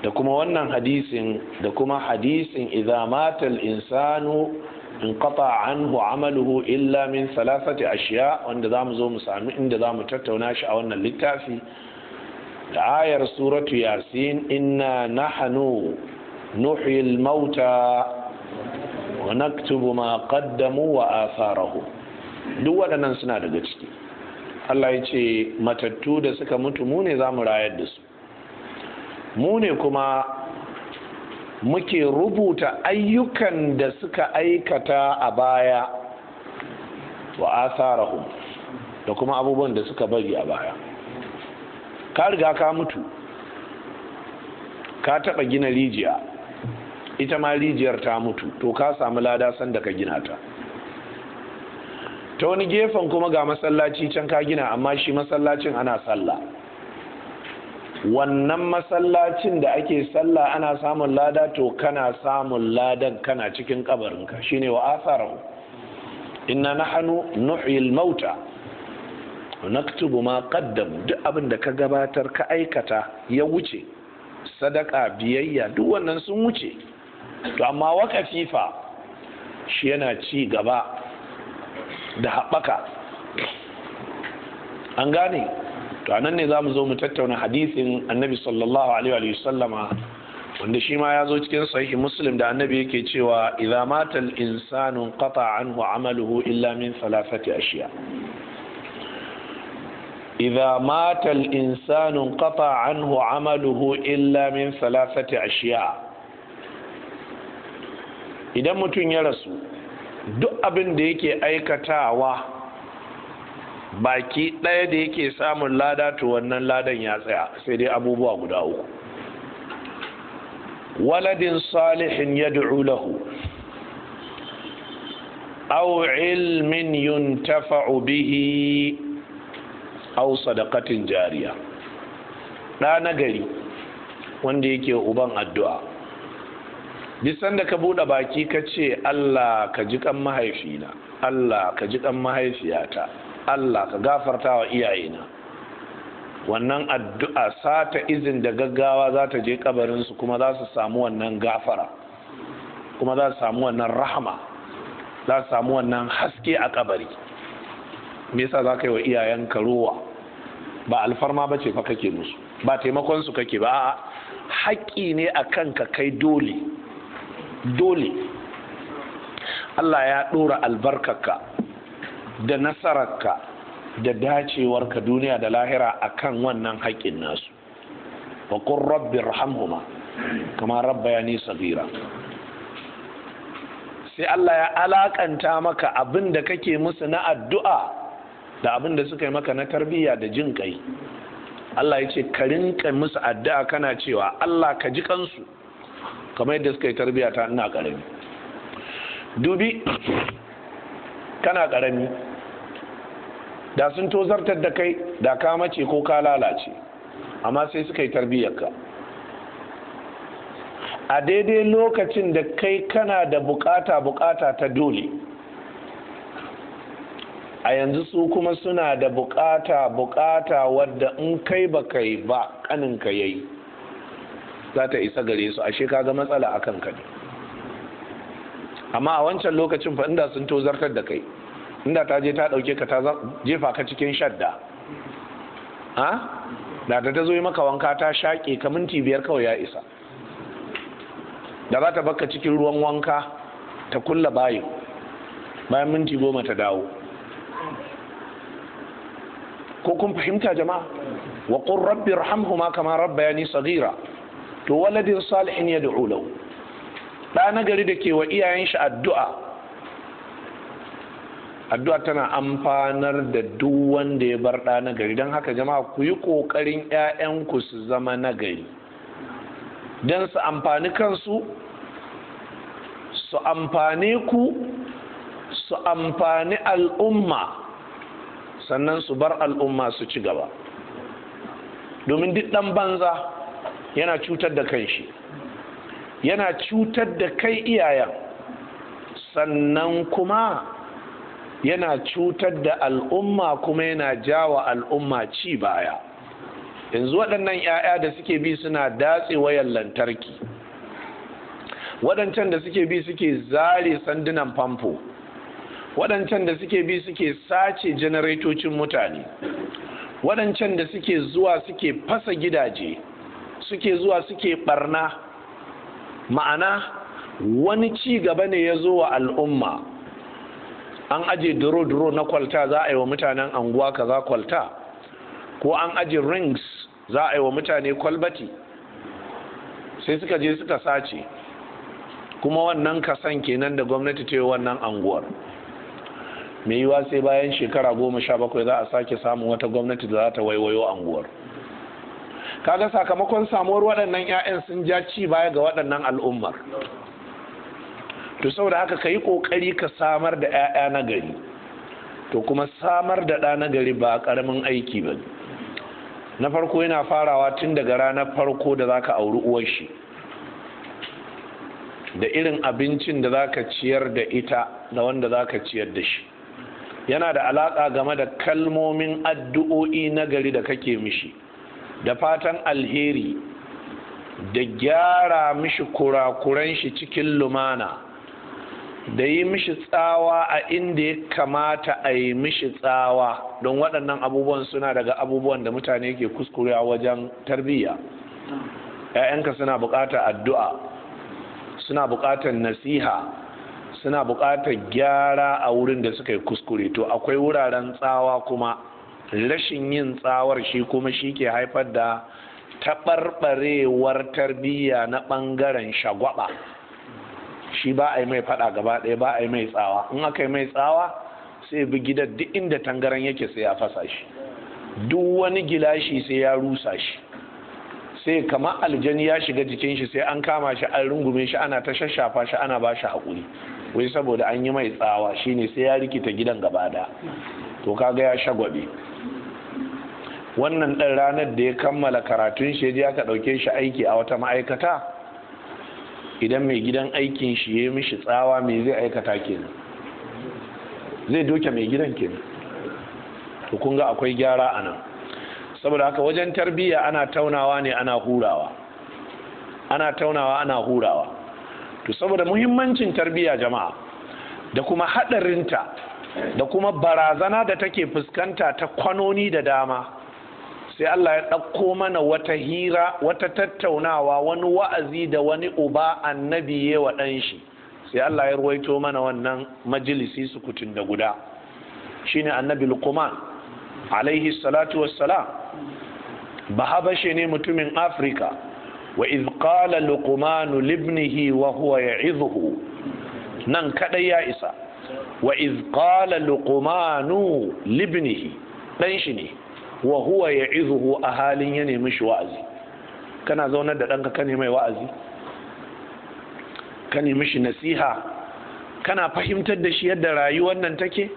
da kuma wannan hadisin da kuma hadisin idza mata al-insanu inqata anhu amaluhu illa min thalathati ashiya wanda zamu zo mu samu inda zamu tattauna shi a wannan littafi da ayar suratu yasin inna nahnu nuhyi al-mauta wa naktubu ma qaddamu wa atharahum duk waɗannan suna daga ciki Allah ya ce matattu da suka mutu mu ne za mu rayar da su mu ne kuma muke rubuta ayyukan da suka aikata a baya wa asarahum da kuma abubuwan da suka bari a baya ka riga ka mutu ka taɓa gina rijiya ita ma rijiyar ta mutu to ka samu lada sanda ka gina ta ta wani gefen kuma ga masallaci can ka gina amma shi masallacin ana sallah wannan masallacin da ake sallah ana samun lada to kana samun ladan kana cikin kabarinka shine wa asarahu inna nahnu nuhyil mauta naktubu ma qaddam duk abin da ka gabatar ka aikata ya wuce sadaka biyayya duk wannan sun wuce to amma fifa shi yana ci gaba da haɓaka an gane to a nan ne za mu zo mu tattauna hadisin annabi sallallahu alaihi wa sallama wanda shi ma ya zo cikin sahihi muslim da annabi yake cewa idza mata al insanu qata anhu amaluhu illa min thalathati ashiya idza mata al insanu qata anhu amaluhu illa min thalathati ashiya idan mutum ya rasu duk abin da yake aikatawa baki ɗaya da yake samun lada to wannan ladan ya tsaya sai dai abubuwa guda uku waladin salihin ya lahu aw ilmin yuntafa'u bihi aw sadaqatin jariya ɗa nagari wanda yake uban addu'a bisan da ka buɗe baki ka ce Allah ka ji kan mahaifina Allah ka ji kan mahaifiyata Allah ka gafarta wa iyayena wannan addu'a sata izin da gaggawa za ta je kabarinsu kuma za su samu wannan gafara kuma za su samu wannan rahama za su samu wannan haske a ƙabari. me yasa za ka yi wa iyayenka ruwa ba alfarma ba ce fa kake musu ba taimakonsu su kake ba a'a haƙƙi ne a kanka kai dole dole Allah ya ɗora albarkarka da nasararka da dacewarka duniya da lahira a kan wannan haƙƙin nasu wa kun rabbi rahamhuma kama rabba ya nisa sai Allah ya alaƙanta maka abin da kake musu na addu'a da abin da suka yi maka na tarbiyya da jin kai Allah ya ce ka rinka musu addu'a kana cewa Allah ka ji kansu kamar yadda suka yi tarbiyya ta ina karami dubi kana karami da sun tozartar da kai da ka mace ko ka lalace amma sai suka yi tarbiyyarka a daidai lokacin da kai kana da bukata bukata ta dole a yanzu su kuma suna da bukata bukata wadda in kai ba kai ba kaninka yayi za ta isa gare su ashe ka ga matsala a kanka ne amma a wancan lokacin fa inda sun tozartar da kai inda ta je ta ɗauke ka ta jefa ka cikin shadda ha da ta zo yi maka wanka ta shaƙe ka minti biyar kawai ya isa da za ta baka cikin ruwan wanka ta kulla bayo bayan minti goma ta dawo ko kun fahimta jama'a wa qur rabbi irhamhuma kama rabbayani saghira to waladin salihin ya da'u lau. ɗa nagari da ke wa iyayen shi addu'a addu'a tana amfanar da duk wanda ya bar ɗa gari don haka jama'a ku yi ƙoƙarin 'ya'yanku su zama nagari don su amfani kansu su amfani ku su amfani al'umma sannan su bar al'umma su ci gaba domin duk ɗan banza yana cutar da kan shi yana cutar da kai iyayen sannan kuma yana cutar da al'umma kuma yana jawa al'umma ci baya yanzu waɗannan 'ya'ya da suke bi suna datse wayan lantarki waɗancan da suke bi suke zare sandunan famfo waɗancan da suke bi suke sace janaretocin mutane waɗancan da suke zuwa suke fasa gidaje suke zuwa suke barna ma'ana wani ci gaba ne ya zo wa al'umma an aje duro-duro na kwalta za a yi wa mutanen anguwa kaza kwalta ko an aje rings za a yi wa mutane kwalbati sai suka je suka sace kuma wannan kasan kenan da gwamnati ta yi wannan anguwar mai yiwa sai bayan shekara goma sha bakwai za a sake samun wata gwamnati da za ta waiwayo anguwar kaga sakamakon samuwar waɗannan 'ya'yan sun ja ci baya ga waɗannan al'ummar to saboda haka ka yi ƙoƙari ka samar da 'ya'ya na gari to kuma samar da ɗa na gari ba ƙaramin aiki ba na farko yana farawa tun daga ranar farko da za ka auri uwar shi da irin abincin da za ka ciyar da ita da wanda za ka ciyar da shi yana da alaƙa game da kalmomin addu'o'i na gari da kake mishi da fatan alheri da gyara mishi kurakuran shi cikin lumana da yi mishi tsawa a inda ya kamata a yi mishi tsawa don waɗannan abubuwan suna daga abubuwan da mutane ke kuskure a wajen tarbiyya 'ya'yanka suna buƙatar addu'a suna buƙatar nasiha suna buƙatar gyara a wurin da suka yi kuskure to akwai wuraren tsawa kuma rashin yin tsawar shi kuma shi ke haifar da taɓarɓarewar tarbiyya na ɓangaren shagwaba shi ba a yi mai faɗa gaba ɗaya ba a yi mai tsawa in aka yi mai tsawa sai bi gidan duk inda tangaran yake sai ya fasa shi duk wani gilashi sai ya rusa shi sai kama aljani ya shiga jikin shi sai an kama shi an rungume shi ana ta shashafa shi ana ba shi haƙuri wai saboda an yi mai tsawa shine sai ya rikita gidan gaba ɗaya to kaga ya shagwabe wannan ɗan ranar da ya kammala karatun shi ya aka ɗauke shi aiki a wata ma'aikata idan mai gidan aikin shi ya mishi tsawa mai zai aikata kenan zai doke mai gidan kenan to kun ga akwai gyara a nan saboda haka wajen tarbiyya ana taunawa ne ana hurawa ana taunawa ana hurawa to saboda muhimmancin tarbiyya jama'a da kuma haɗarinta da kuma barazana da take fuskanta ta kwanoni da dama sai Allah ya ɗauko mana wata hira wata tattaunawa wani wa'azi da wani uba annabi ya wa shi sai Allah ya ruwaito mana wannan majalisi sukutun da guda shine annabi lukuman alaihi salatu wassalam bahabashe ne mutumin Afirka wa iz qala libnihi wa huwa ya'idhuhu nan kaɗai ya isa wa iz qala luqmanu libnihi dan shi ne wa huwa ya'izuhu a halin ya nemi shi wa'azi kana zaunar da ɗanka ka mai wa'azi ka nemi shi nasiha kana fahimtar da shi yadda rayuwar nan take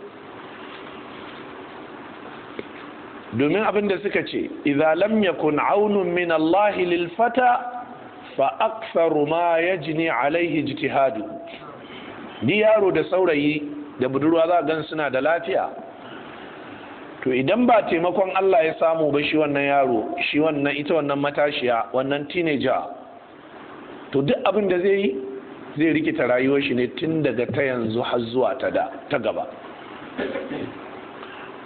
domin abin da suka ce idza lam yakun aunun min Allah lil fata fa aktharu ma yajni alaihi jitihadu. ni yaro da saurayi da budurwa za a gan suna da lafiya to idan ba taimakon Allah ya samu ba shi wannan yaro shi wannan ita wannan matashiya wannan teenager to duk abin da zai yi zai rikita rayuwar shi ne tun daga ta yanzu har zuwa ta da ta gaba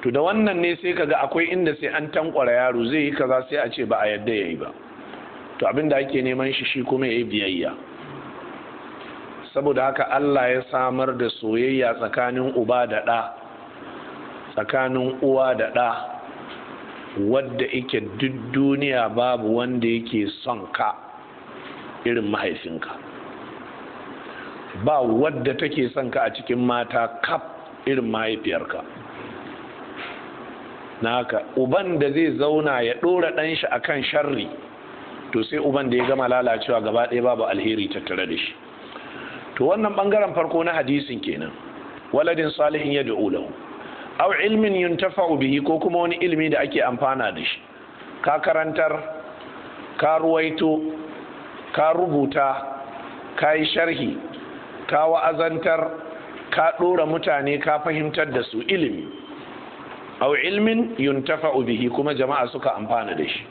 to da wannan ne sai kaga akwai inda sai an tankwara yaro zai yi kaza sai a ce ba a yadda yayi ba to abin da ake neman shi shi kuma ya yi biyayya saboda haka Allah ya samar da soyayya tsakanin uba da ɗa tsakanin uwa da ɗa wadda ike duk duniya babu wanda yake son ka irin mahaifinka ba wadda take son ka a cikin mata kaf irin mahaifiyarka haka uban da zai zauna ya ɗora ɗan ɗanshi akan sharri to sai uban da ya gama lalacewa gaba ɗaya babu alheri tattare da shi to wannan bangaren farko na hadisin kenan waladin salihin ya da'u au aw ilmin yuntafa'u bihi ko kuma wani ilmi da ake amfana da shi ka karantar ka ruwaito ka rubuta ka yi sharhi ka wa'azantar ka ɗora mutane ka fahimtar da su ilimi aw ilmin yuntafa'u bihi kuma jama'a suka amfana da shi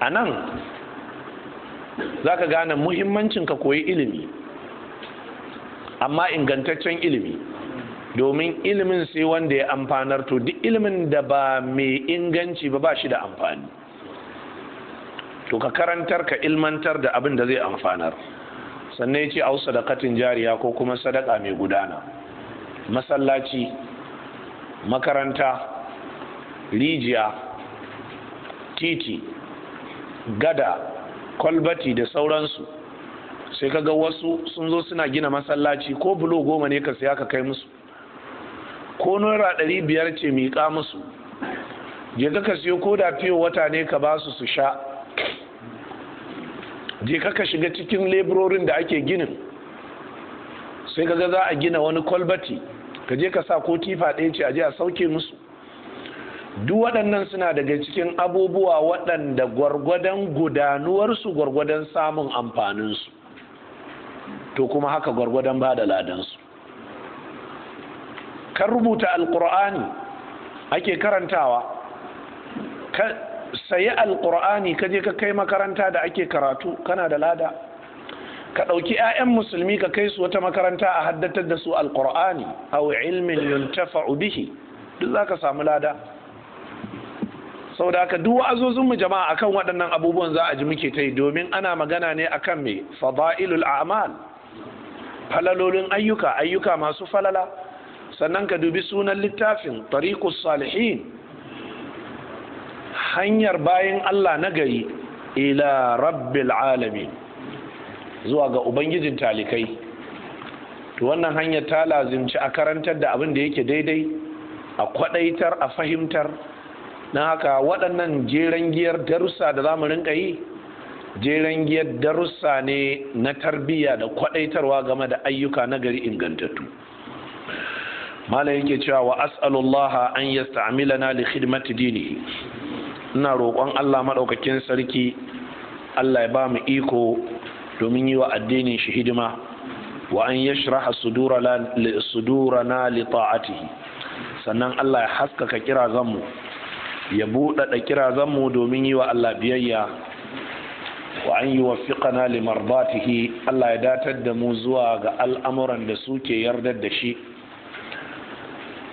a nan za ka gane muhimmancin ka koyi ilimi amma ingantaccen ilimi domin ilimin sai wanda ya amfanar to duk ilimin da ba mai inganci ba ba shi da amfani to ka karantar ka ilmantar da abin da zai amfanar sannan ya ce au sadakatin jariya ko kuma sadaka mai gudana masallaci makaranta rijiya titi gada kwalbati da sauransu sai kaga wasu sun zo suna gina masallaci ko bulo goma ne ka siya ka kai musu ko naira ɗari biyar ce miƙa musu je ka siyo ko da fiye wata ne ka ba su su sha je ka shiga cikin leburorin da ake ginin sai kaga za a gina wani kwalbati ka je ka sa ko tifa ɗaya ce a je a sauke musu duk waɗannan suna daga cikin abubuwa waɗanda gwargwadon gudanuwarsu gwargwadon samun amfaninsu to kuma haka gwargwadon ba da ladansu kan rubuta alkur'ani ake karantawa ka sayi alƙur'ani ka je ka kai makaranta da ake karatu kana da lada ka ɗauki 'ya'yan musulmi ka kai su wata makaranta a haddatar da su alkur'ani a ilmin yuntafa'u bihi duk za ka samu lada saboda haka duk wa'azozin mu jama'a akan waɗannan abubuwan za a ji muke ta yi domin ana magana ne akan me fada'ilul a'mal falalolin ayyuka ayyuka masu falala sannan ka dubi sunan littafin tariqus salihin hanyar bayan Allah na gari ila rabbil alamin zuwa ga ubangijin talikai to wannan hanyar ta lazimci a karantar da abin da yake daidai a kwadaitar a fahimtar na haka waɗannan jeren giyar darussa da za mu rinka yi jeren giyar darussa ne na tarbiyya da kwaɗaitarwa game da ayyuka na gari ingantattu mala yake cewa wa as'alullah an yasta'milana li khidmati dini ina roƙon Allah maɗaukakin sarki Allah ya ba mu iko domin yi wa addinin shi hidima wa an yashraha sudurana li ta'atihi sannan Allah ya haskaka kirazanmu mu ya buɗaɗa mu domin yi wa Allah biyayya wa an yi ta limarbatihi Allah ya datar da mu zuwa ga al'amuran da suke yardar da shi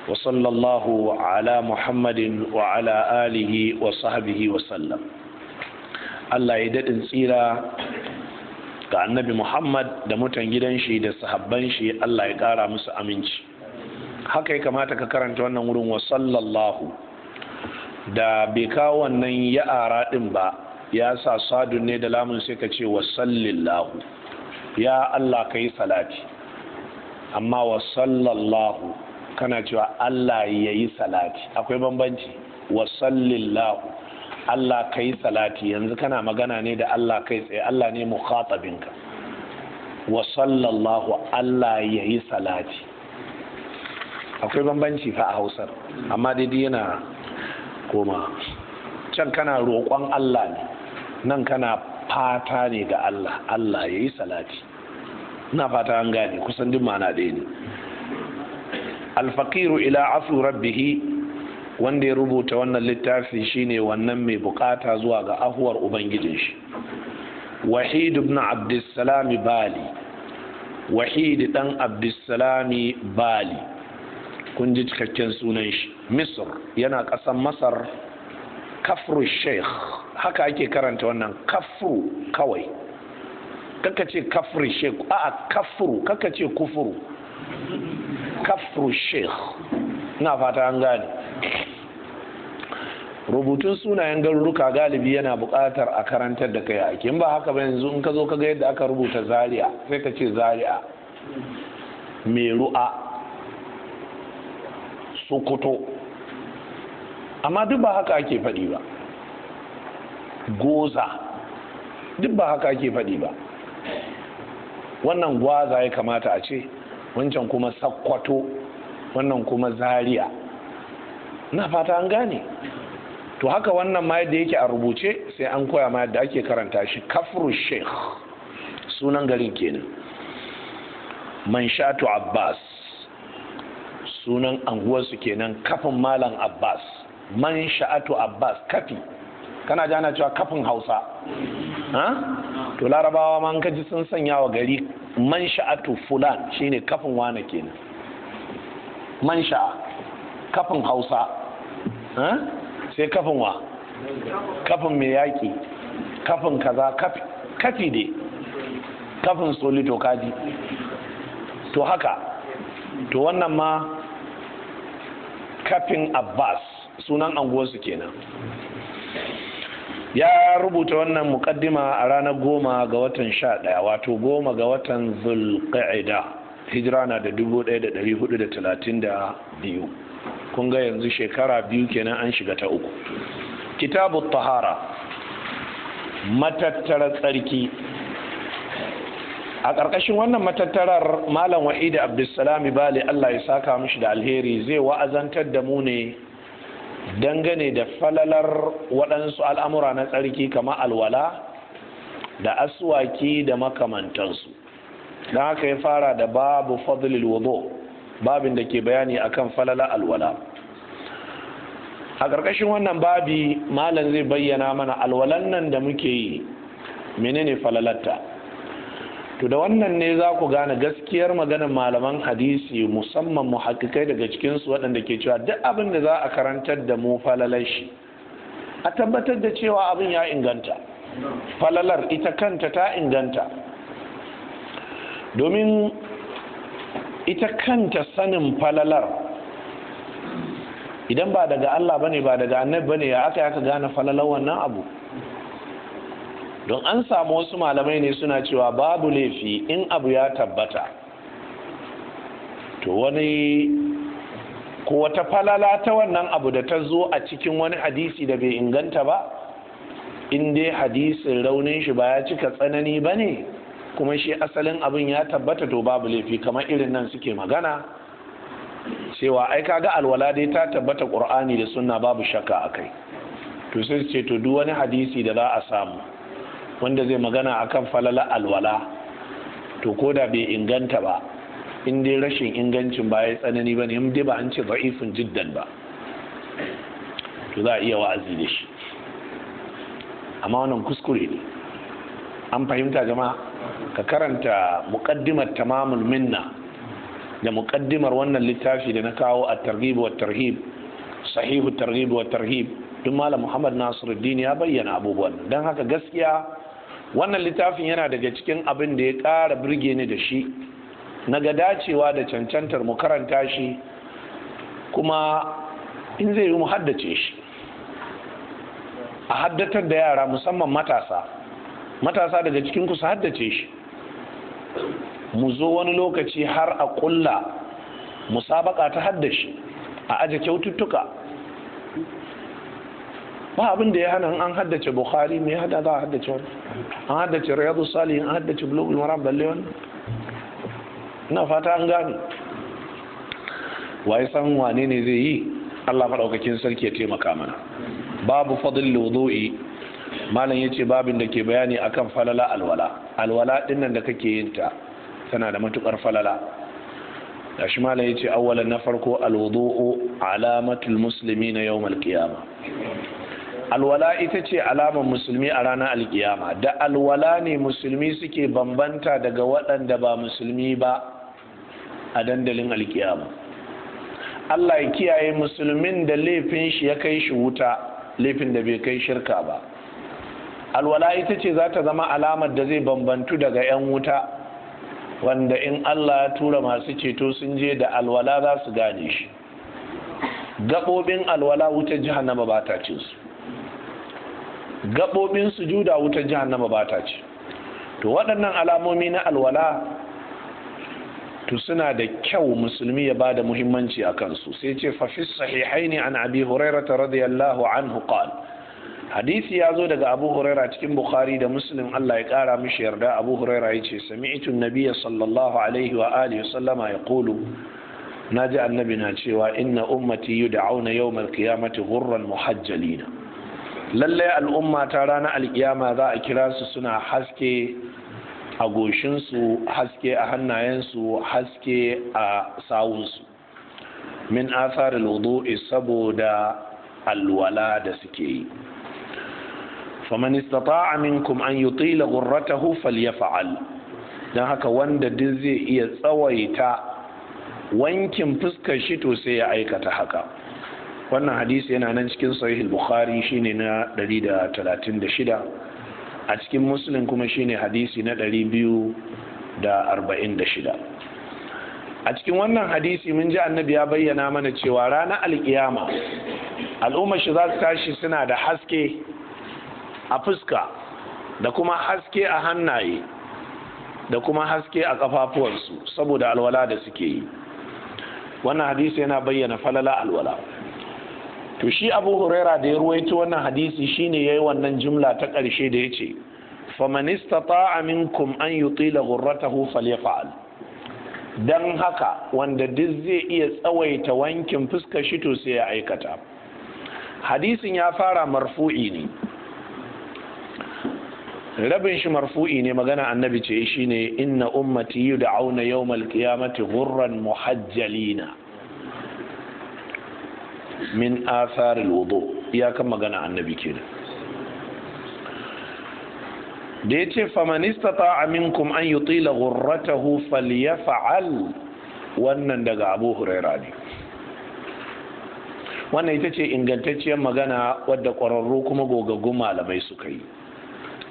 wa sallallahu ala muhammadin wa ala alihi wa sahabihi wa sallam Allah ya daɗin tsira ga annabi muhammad da mutan gidan shi da sahabban shi Allah ya ƙara musu aminci haka ya kamata ka karanta wannan wurin wa sallallahu da bai kawo wannan ya ara din ba ya sa sadun ne da lamun sai ka ce wasallillahu ya Allah ka yi salati amma wasallallahu kana cewa Allah ya yi salati akwai bambanci wasallillahu Allah ka yi salati yanzu kana magana ne da Allah kai tsaye Allah ne wa wasallallahu Allah ya yi salati akwai bambanci fa a hausar amma daidai yana koma can kana roƙon Allah ne nan kana fata ne ga Allah Allah ya yi salati ina fata an gane kusan duk mana ɗaya ne alfaƙiru ila afu rabbihi wanda ya rubuta wannan littafi shine wannan mai bukata zuwa ga ahuwar ubangijin shi wahid ibn abdussalami bali wahid dan abdussalami bali kun ji cikakken sunan shi misr yana ƙasan masar kafru sheikh haka ake karanta wannan kafru kawai kaka ce kafru sheikh a'a kafru kaka ce kufuru kafru sheikh na fata an gane rubutun sunayen garuruka galibi yana buƙatar a karantar da kai ake ba haka ba yanzu in ka zo ka ga yadda aka rubuta zaria sai ka ce zaria mai ru'a sokoto amma duk ba haka ake faɗi ba goza duk ba haka ake faɗi ba wannan gwaza ya kamata a ce wancan kuma sakkwato wannan kuma zaria na fata an gane to haka wannan ma yadda yake a rubuce sai an koya ma yadda ake karanta shi kafru sheikh sunan garin kenan Man manshatu abbas sunan anguwarsu kenan kafin malam abbas man sha'atu abbas kafi kana ji ana cewa kafin hausa to larabawa ma kaji sun sanya wa gari man sha'atu fulan shine kafin wane kenan man sha'a kafin hausa sai kafin wa kafin mai yaƙi kafin kaza kafi dai kafin solito kaji to haka to wannan ma kafin abbas sunan anguwarsu kenan ya rubuta wannan mukaddima a ranar goma ga watan sha ɗaya wato goma ga watan zulqa'ida hijira na da dubu ɗaya da ɗari hudu da talatin da biyu kun ga yanzu shekara biyu kenan an shiga ta uku kitabu tahara matattara tsarki a ƙarƙashin wannan matattarar malam wa'idi Abdulsalam bali allah ya saka mishi da alheri zai wa'azantar da mu ne dangane da falalar waɗansu al'amura na tsarki kama alwala da aswaki da makamantansu don haka ya fara da babu fadlil wudu babin da ke bayani akan falala alwala a ƙarƙashin wannan babi malam zai bayyana mana alwalan nan da muke yi menene falalarta to da wannan ne za ku gane gaskiyar maganar malaman hadisi musamman muhakkikai daga cikinsu waɗanda ke cewa duk abin da za a karantar da mu falalar shi a tabbatar da cewa abin ya inganta falalar ita kanta ta inganta domin ita kanta sanin falalar idan ba daga Allah bane ba daga annabi bane ya aka aka gane falalar wannan abu don an samu wasu malamai ne suna cewa babu laifi in abu ya tabbata to wani ko wata falala ta wannan abu da ta zo a cikin wani hadisi da bai inganta ba in dai hadisin raunin shi ba ya cika tsanani ba ne kuma shi asalin abin ya tabbata to babu laifi kamar irin nan suke magana cewa ai ga alwala dai ta tabbata Ƙur'ani da sunna babu shakka akai to sai ce to duk wani hadisi da za a samu wanda zai magana akan falala alwala to ko da bai inganta ba in dai rashin ingancin ba ya tsanani ba ne dai ba an ce da'ifin jiddan ba to za a iya wa'azi da shi amma wannan kuskure ne an fahimta jama'a ka karanta muqaddimar tamamul minna da muqaddimar wannan littafi da na kawo a targhib wa tarhib sahihu targhib wa tarhib duk malam Muhammad Nasiruddin ya bayyana abubuwan dan haka gaskiya wannan littafin yana daga cikin abin da ya ƙara birge ni da shi na ga dacewa da cancantar mu karanta shi kuma in zai yi mu haddace shi a haddatar da yara musamman matasa matasa daga cikin ku su haddace shi mu zo wani lokaci har a ƙulla musabaka ta haddashi a aje kyaututtuka ba abin da ya hana an haddace bukhari mai hada za a haddace wani an haddace riyadu salihin an haddace bulogul Mara balle wani ina fata an gane waye san wane ne zai yi Allah maɗaukakin sarki ya taimaka mana babu fadil wudu'i malam ce babin da ke bayani akan falala alwala alwala din nan da kake yin ta tana da matukar falala shi malam ce awwalan na farko alwudu'u alamatul na yau Malkiyama. alwala ita ce alamar musulmi a ranar alkiyama da alwala ne musulmi suke bambanta daga waɗanda ba musulmi ba a dandalin alkiyama allah ya kiyaye musulmin da laifin shi ya kai shi wuta laifin da bai kai shirka ba alwala ita ce za ta zama alamar da zai bambantu daga 'yan wuta wanda in allah ya tura masu ceto sun je da alwala za su gane shi gaɓoɓin alwala wutar jihannama ba ta cin gaɓoɓin sujuda wutar jahannama ba ta ce to waɗannan alamomi na alwala to suna da kyau musulmi ya ba da muhimmanci a kansu sai ce fafis ne an abi ta radiyallahu anhu hukal hadisi ya zo daga abu huraira cikin bukhari da muslim allah ya kara mishi yarda abu huraira ya ce sami'tu Nabiya sallallahu alaihi wa alihi sallama ya Na ji annabi na cewa inna ummati yud'auna yawmal qiyamati ghurran muhajjalina lallai al'umma ta ranar alkiyama za a kira su suna haske a goshinsu haske a hannayensu haske a sawunsu min atharil wudu'i saboda alwala da suke yi faman istata'a minkum an yutila ghurratahu falyaf'al dan haka wanda duk zai iya tsawaita wankin fuskar shi to sai ya aikata haka wannan hadisi yana nan cikin sahih bukhari shine na 136 a cikin muslim kuma shine hadisi na 246 a cikin wannan hadisi mun ji annabi ya bayyana mana cewa ranar alkiyama al'ummar shi za su tashi suna da haske a fuska da kuma haske a hannaye da kuma haske a kafafuwansu saboda alwala da suke yi wannan hadisi yana bayyana falala alwala to shi abu huraira da ya ruwaito wannan hadisi shine yayi wannan jimla ta ƙarshe da yace faman istata'a minkum an yutila ghurratahu falyaf'al dan haka wanda duk zai iya tsawaita wankin fuskar shi to sai ya aikata hadisin ya fara marfu'i ne rabin shi marfu'i ne magana annabi ce shine inna ummati yud'auna yawmal qiyamati ghurran muhajjalina min atharil wudu kan magana annabi kenan da ya ce famanista ta aminkum an yi tila gurratahu wannan daga abu huraira ne wannan ita ce ingantacciyar magana wadda ƙwararru kuma gogaggun malamai suka yi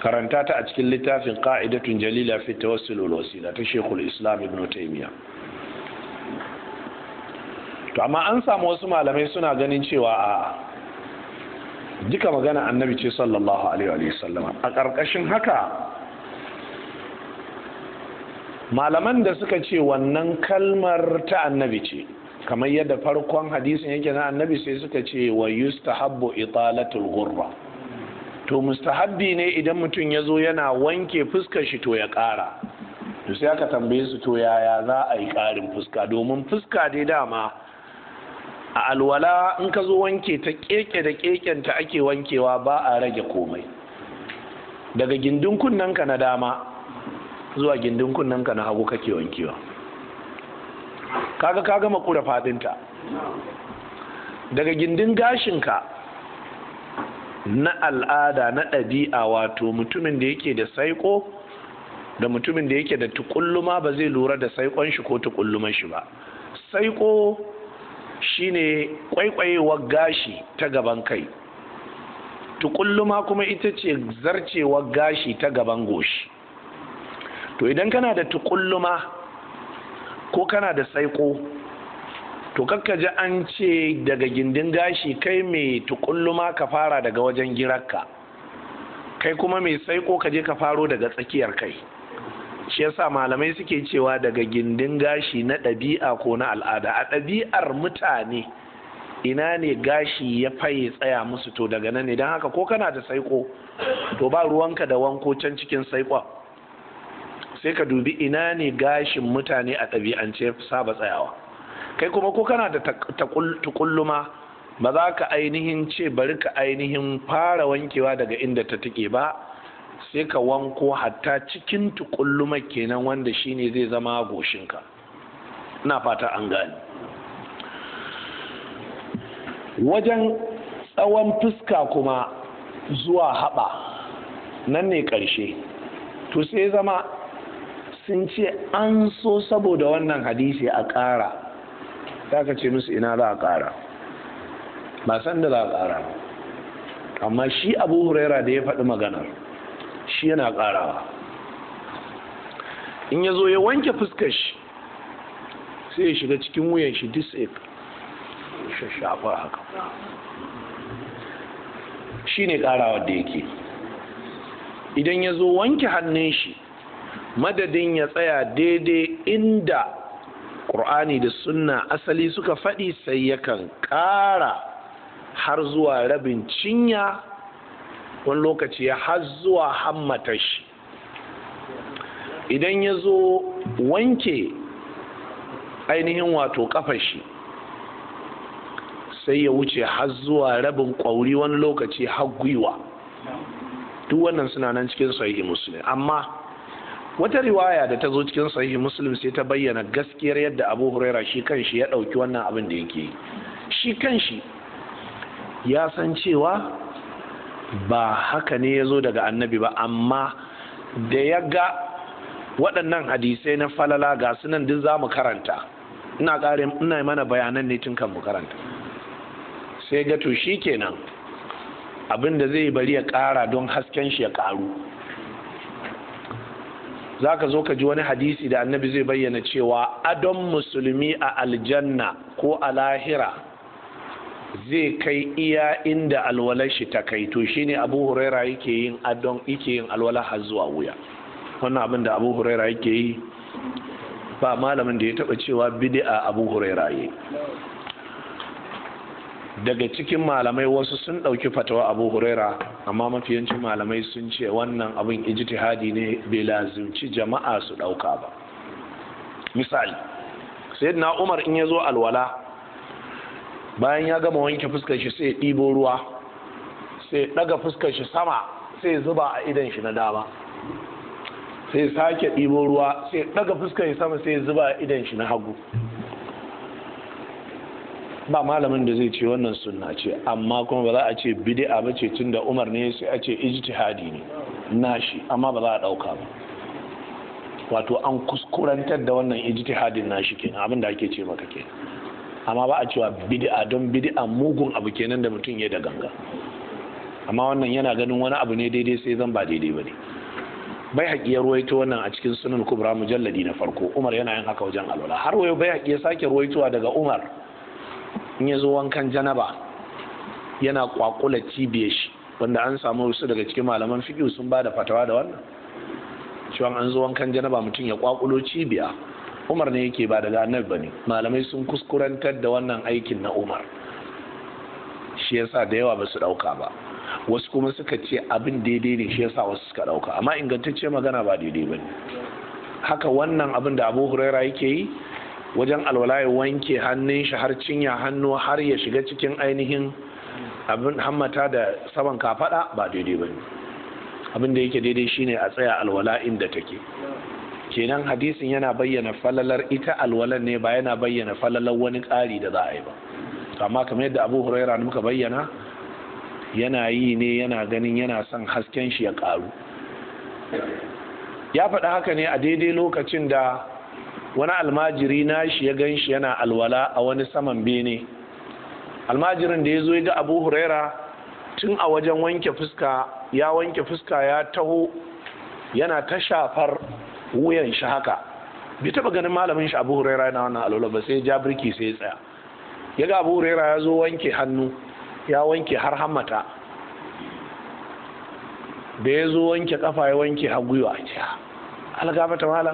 karanta ta a cikin littafin ka'idatun jalila fi tawassul wasila ta shekul islam ibn taymiya to amma an samu wasu malamai suna ganin cewa a duka magana annabi ce sallallahu alaihi wasallama a ƙarƙashin haka malaman da suka ce wannan kalmar ta annabi ce kamar yadda farkon hadisin yake na annabi sai suka ce wa yustahabbu italatul ghurra to mustahabbi ne idan mutum ya zo yana wanke fuskar shi to ya ƙara to sai aka tambaye su to yaya za a yi ƙarin fuska domin fuska dai dama a alwala in ka zo wanke ta keke da kekenta ake wankewa ba a rage komai daga gindin kunnen-ka na dama zuwa gindin kunnen-ka na hagu kake wankewa kaga ka gama kura fadinta daga gindin gashinka na al'ada na ɗabi'a wato mutumin da yake da saiko da mutumin da yake da tukulluma ba zai lura da saikon shi ko tukulluman shi ba saiko shine kwaikwayewar gashi ta gaban kai tukulluma kuma ita ce zarcewar gashi ta gaban goshi to idan kana da tukulluma ko kana da saiko to kakka ji an ce daga gindin gashi kai mai tukulluma ka fara daga wajen girarka kai kuma mai saiko ka je ka faro daga tsakiyar kai shi yasa malamai suke cewa daga gindin gashi na ɗabi'a ko na al'ada a ɗabi'ar mutane ina ne gashi ya faye tsaya musu to daga nan ne don haka ko kana da saiko to ba ruwanka da wanko can cikin saikon sai ka dubi ina ne gashin mutane a ɗabi'ance saba tsayawa kai kuma ko kana da tukulluma ba za ka ainihin ce bari ka ainihin fara wankewa daga inda ta tike ba sai ka wanko hatta cikin tukulluma kenan wanda shine zai zama goshinka ina fata an gani. wajen tsawon fuska kuma zuwa haɓa nan ne ƙarshe to sai zama sun ce an so saboda wannan hadisi a ƙara za ka ce musu ina za a ƙara ba san da za a ƙara amma shi abu huraira da ya faɗi maganar shi yana ƙarawa in ya zo ya wanke fuskar shi sai ya shiga cikin wuyan shi disape shashafa haka shi ne ƙarawa da yake idan ya zo wanke hannun shi madadin ya tsaya daidai inda ƙur'ani da sunna asali suka faɗi sai yakan ƙara har zuwa rabin cinya wani lokaci ya har zuwa hammata shi idan ya zo wanke ainihin wato kafa shi sai ya wuce har zuwa rabin kwauri wani lokaci har gwiwa duk wannan suna nan cikin sahihi musulun amma wata riwaya da ta zo cikin sahihi muslim sai ta bayyana gaskiyar yadda abu huraira shi kanshi ya ɗauki wannan abin da yake shi kanshi ya san cewa ba haka ne ya zo daga annabi ba amma da ya ga waɗannan hadisai na falala ga su nan duk za mu karanta ina ƙari ina mana bayanan ne tun kan mu karanta sai ga to shi kenan abin da zai bari ya ƙara don hasken shi ya ƙaru za ka zo ka ji wani hadisi da annabi zai bayyana cewa adon musulmi a aljanna ko a lahira zai kai iya inda alwalar shi ta kai to shine abu huraira yake yin adon yake yin alwala har zuwa wuya wannan abin da abu huraira yake yi ba malamin da ya taba cewa bid'a abu huraira yi daga cikin malamai wasu sun ɗauki fatawa abu huraira amma yancin malamai sun ce wannan abin ijtihadi ne bai lazimci jama'a su ɗauka ba misali sayyidina umar in ya zo alwala bayan ya gama wanke fuskar shi sai ɗibo ruwa sai ɗaga fuskar shi sama sai zuba a idan shi na dama sai sake ɗibo ruwa sai ɗaga fuskar shi sama sai zuba a idan shi na hagu ba malamin da zai ce wannan sunna ce amma kuma ba za a ce bid'a ba ce tunda Umar ne sai a ce ijtihadi ne nashi amma ba za a ɗauka ba wato an kuskurantar da wannan ijtihadin nashi kenan abin da ake ce maka kenan amma ba a cewa bidi'a don bid'a mugun abu kenan da mutum ya da ganga amma wannan yana ganin wani abu ne daidai sai zan ba daidai ba ne bai haƙi ya ruwaito wannan a cikin sunan kubra mujalladi na farko umar yana yin haka wajen alwala har wayo bai haƙi ya sake ruwaitowa daga umar in ya zo wankan janaba yana kwakula cibiyar shi wanda an samu wasu daga cikin malaman fiƙi sun ba da fatawa da wannan cewa an zo wankan janaba mutum ya kwakulo cibiya umar ne yake ba daga annabi bane malamai sun kuskurantar da wannan aikin na umar shi yasa da yawa ba su dauka ba wasu kuma suka ce abin daidai ne shi yasa wasu suka dauka amma ingantacce magana ba daidai bane haka wannan abin da abu huraira yake yi wajen alwala wanke hannun shi har cinya hannu har ya shiga cikin ainihin abin hammata da saman kafada ba daidai bane abin da yake daidai shine a tsaya alwala inda take kenan hadisin yana bayyana falalar ita alwalan ne ba yana bayyana falalar wani ƙari da za a yi ba amma kamar yadda abu huraira muka bayyana yana yi ne yana ganin yana son hasken shi ya ƙaru ya faɗa haka ne a daidai lokacin da wani almajiri na shi ya gan shi yana alwala a wani saman bene almajirin da ya zo ya ga abu huraira tun a wajen wanke fuska ya wanke fuska ya taho yana ta shafar wuyan shi haka bai taba ganin malamin shi abu huraira yana wannan alola ba sai ja birki sai ya tsaya ya ga abu huraira ya zo wanke hannu ya wanke har hammata da ya zo wanke kafa ya wanke har gwiwa ce ah, algafata mala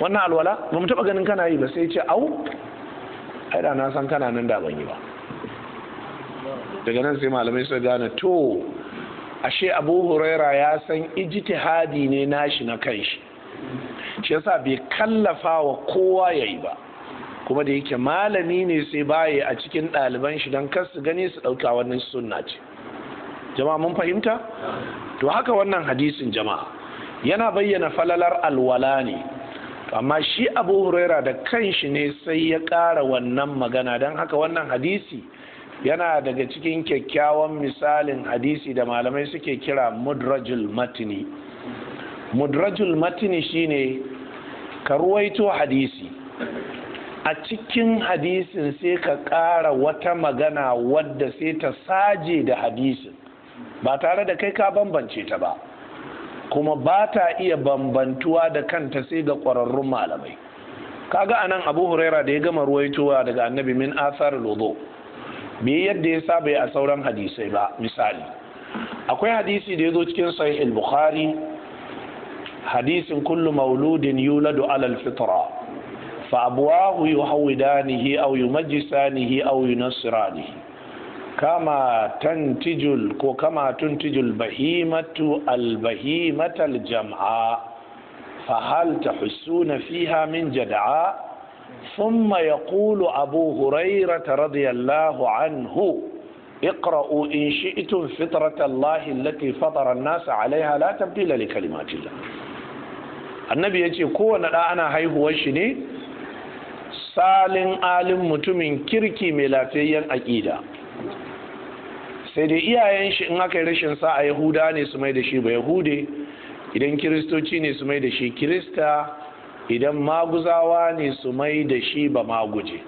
wannan alwala ba mu taba ganin kana yi ba sai ce au ai da na san kana nan da ban yi ba daga nan sai malamai suka gane to ashe abu huraira ya san ijtihadi ne nashi na kanshi shi yasa bai kallafa wa kowa ya yi ba kuma da yake malami ne sai baye a cikin ɗaliban shi don kar su gani su ɗauka wannan sunna ce jama'a mun fahimta to haka wannan hadisin jama'a yana bayyana falalar alwala ne amma shi abu huraira da kanshi ne sai ya ƙara wannan magana don haka wannan hadisi yana daga cikin kyakkyawan misalin hadisi da malamai suke kira mudrajul matini mudrajul matini shine ka ruwaito hadisi a cikin hadisin sai ka ƙara wata magana wadda sai ta saje da hadisin ba tare da kai ka bambance ta ba kuma ba ta iya bambantuwa da kanta sai ga ƙwararrun malamai kaga anan abu huraira da ya gama ruwaitowa daga annabi min asar lodo yadda ya saba a sauran hadisai ba misali akwai hadisi da ya zo cikin sahih bukhari حديث كل مولود يولد على الفطرة فأبواه يهودانه أو يمجسانه أو ينصرانه كما تنتج كما تنتج البهيمة البهيمة الجمعاء فهل تحسون فيها من جدعاء ثم يقول أبو هريرة رضي الله عنه اقرأوا إن شئتم فطرة الله التي فطر الناس عليها لا تبديل لكلمات الله annabi ya ce kowane ɗa ana haihuwar shi ne salin alin mutumin kirki mai lafiyayyen aƙida sai dai iyayen shi in aka yi rashin sa a yahuda ne su mai da shi ba yahude idan kiristoci ne su mai da shi kirista idan maguzawa ne su mai da shi ba maguje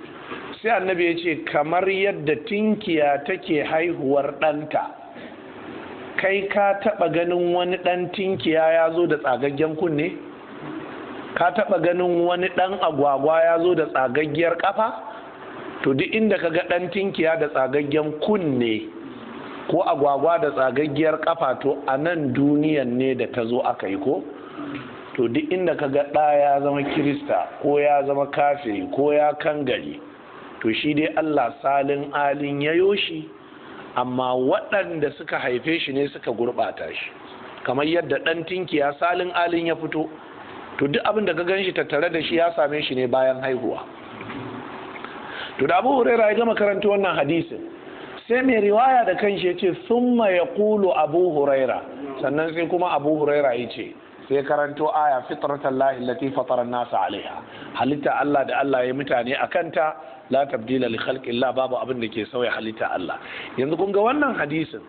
sai annabi ya ce kamar yadda tinkiya take haihuwar ɗanta kai ka taɓa ganin wani ɗan tinkiya ya zo da tsagaggen kunne ka taɓa ganin wani ɗan agwagwa ya zo da tsagaggiyar ƙafa to duk inda ka ga ɗan tinkiya da tsagaggen kunne ko agwagwa da tsagaggiyar ƙafa to a nan duniyan ne da ta zo aka yi ko to duk inda ka ga ɗa ya zama kirista ko ya zama kafiri ko ya kan gari, to shi dai allah salin alin ya yoshi amma waɗanda suka haife shi ne suka gurɓata shi kamar yadda ɗan tinkiya salin alin ya fito to duk abin da ka gan shi tattare da shi ya same shi ne bayan haihuwa to da abu huraira ya gama karanta wannan hadisin sai mai riwaya da kan shi ya ce summa ya kulu abu huraira sannan sai kuma abu huraira ya ce sai karanto aya fitratan lahi lati fatara nasa alaiha halitta Allah da Allah ya mutane a kanta la tabdila li illa babu abin da ke sauya halitta Allah yanzu kun ga wannan hadisin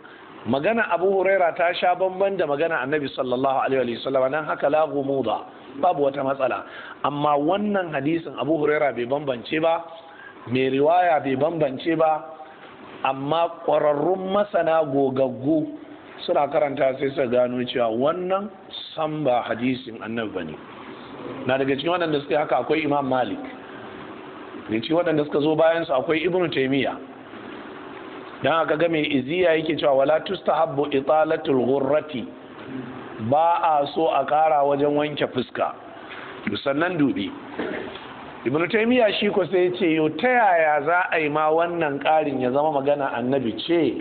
magana Abu Huraira ta sha bamban da magana Annabi sallallahu alaihi wa sallam nan haka la gumuda babu wata matsala amma wannan hadisin abu huraira bai bambance ba mai riwaya bai bambance ba amma ƙwararrun masana gogaggu suna karanta sai su gano cewa wannan san ba hadisin annabi bane na daga cikin waɗanda suka haka akwai imam malik daga cikin waɗanda suka zo bayan su akwai ibnu taimiyya dan haka ga mai iziya yake cewa wala tustahabbu italatul ghurrati ba a so a ƙara wajen wanke fuska sannan dubi ibn taymiya shi ko sai ce yo ta yaya za a yi ma wannan ƙarin ya zama magana annabi ce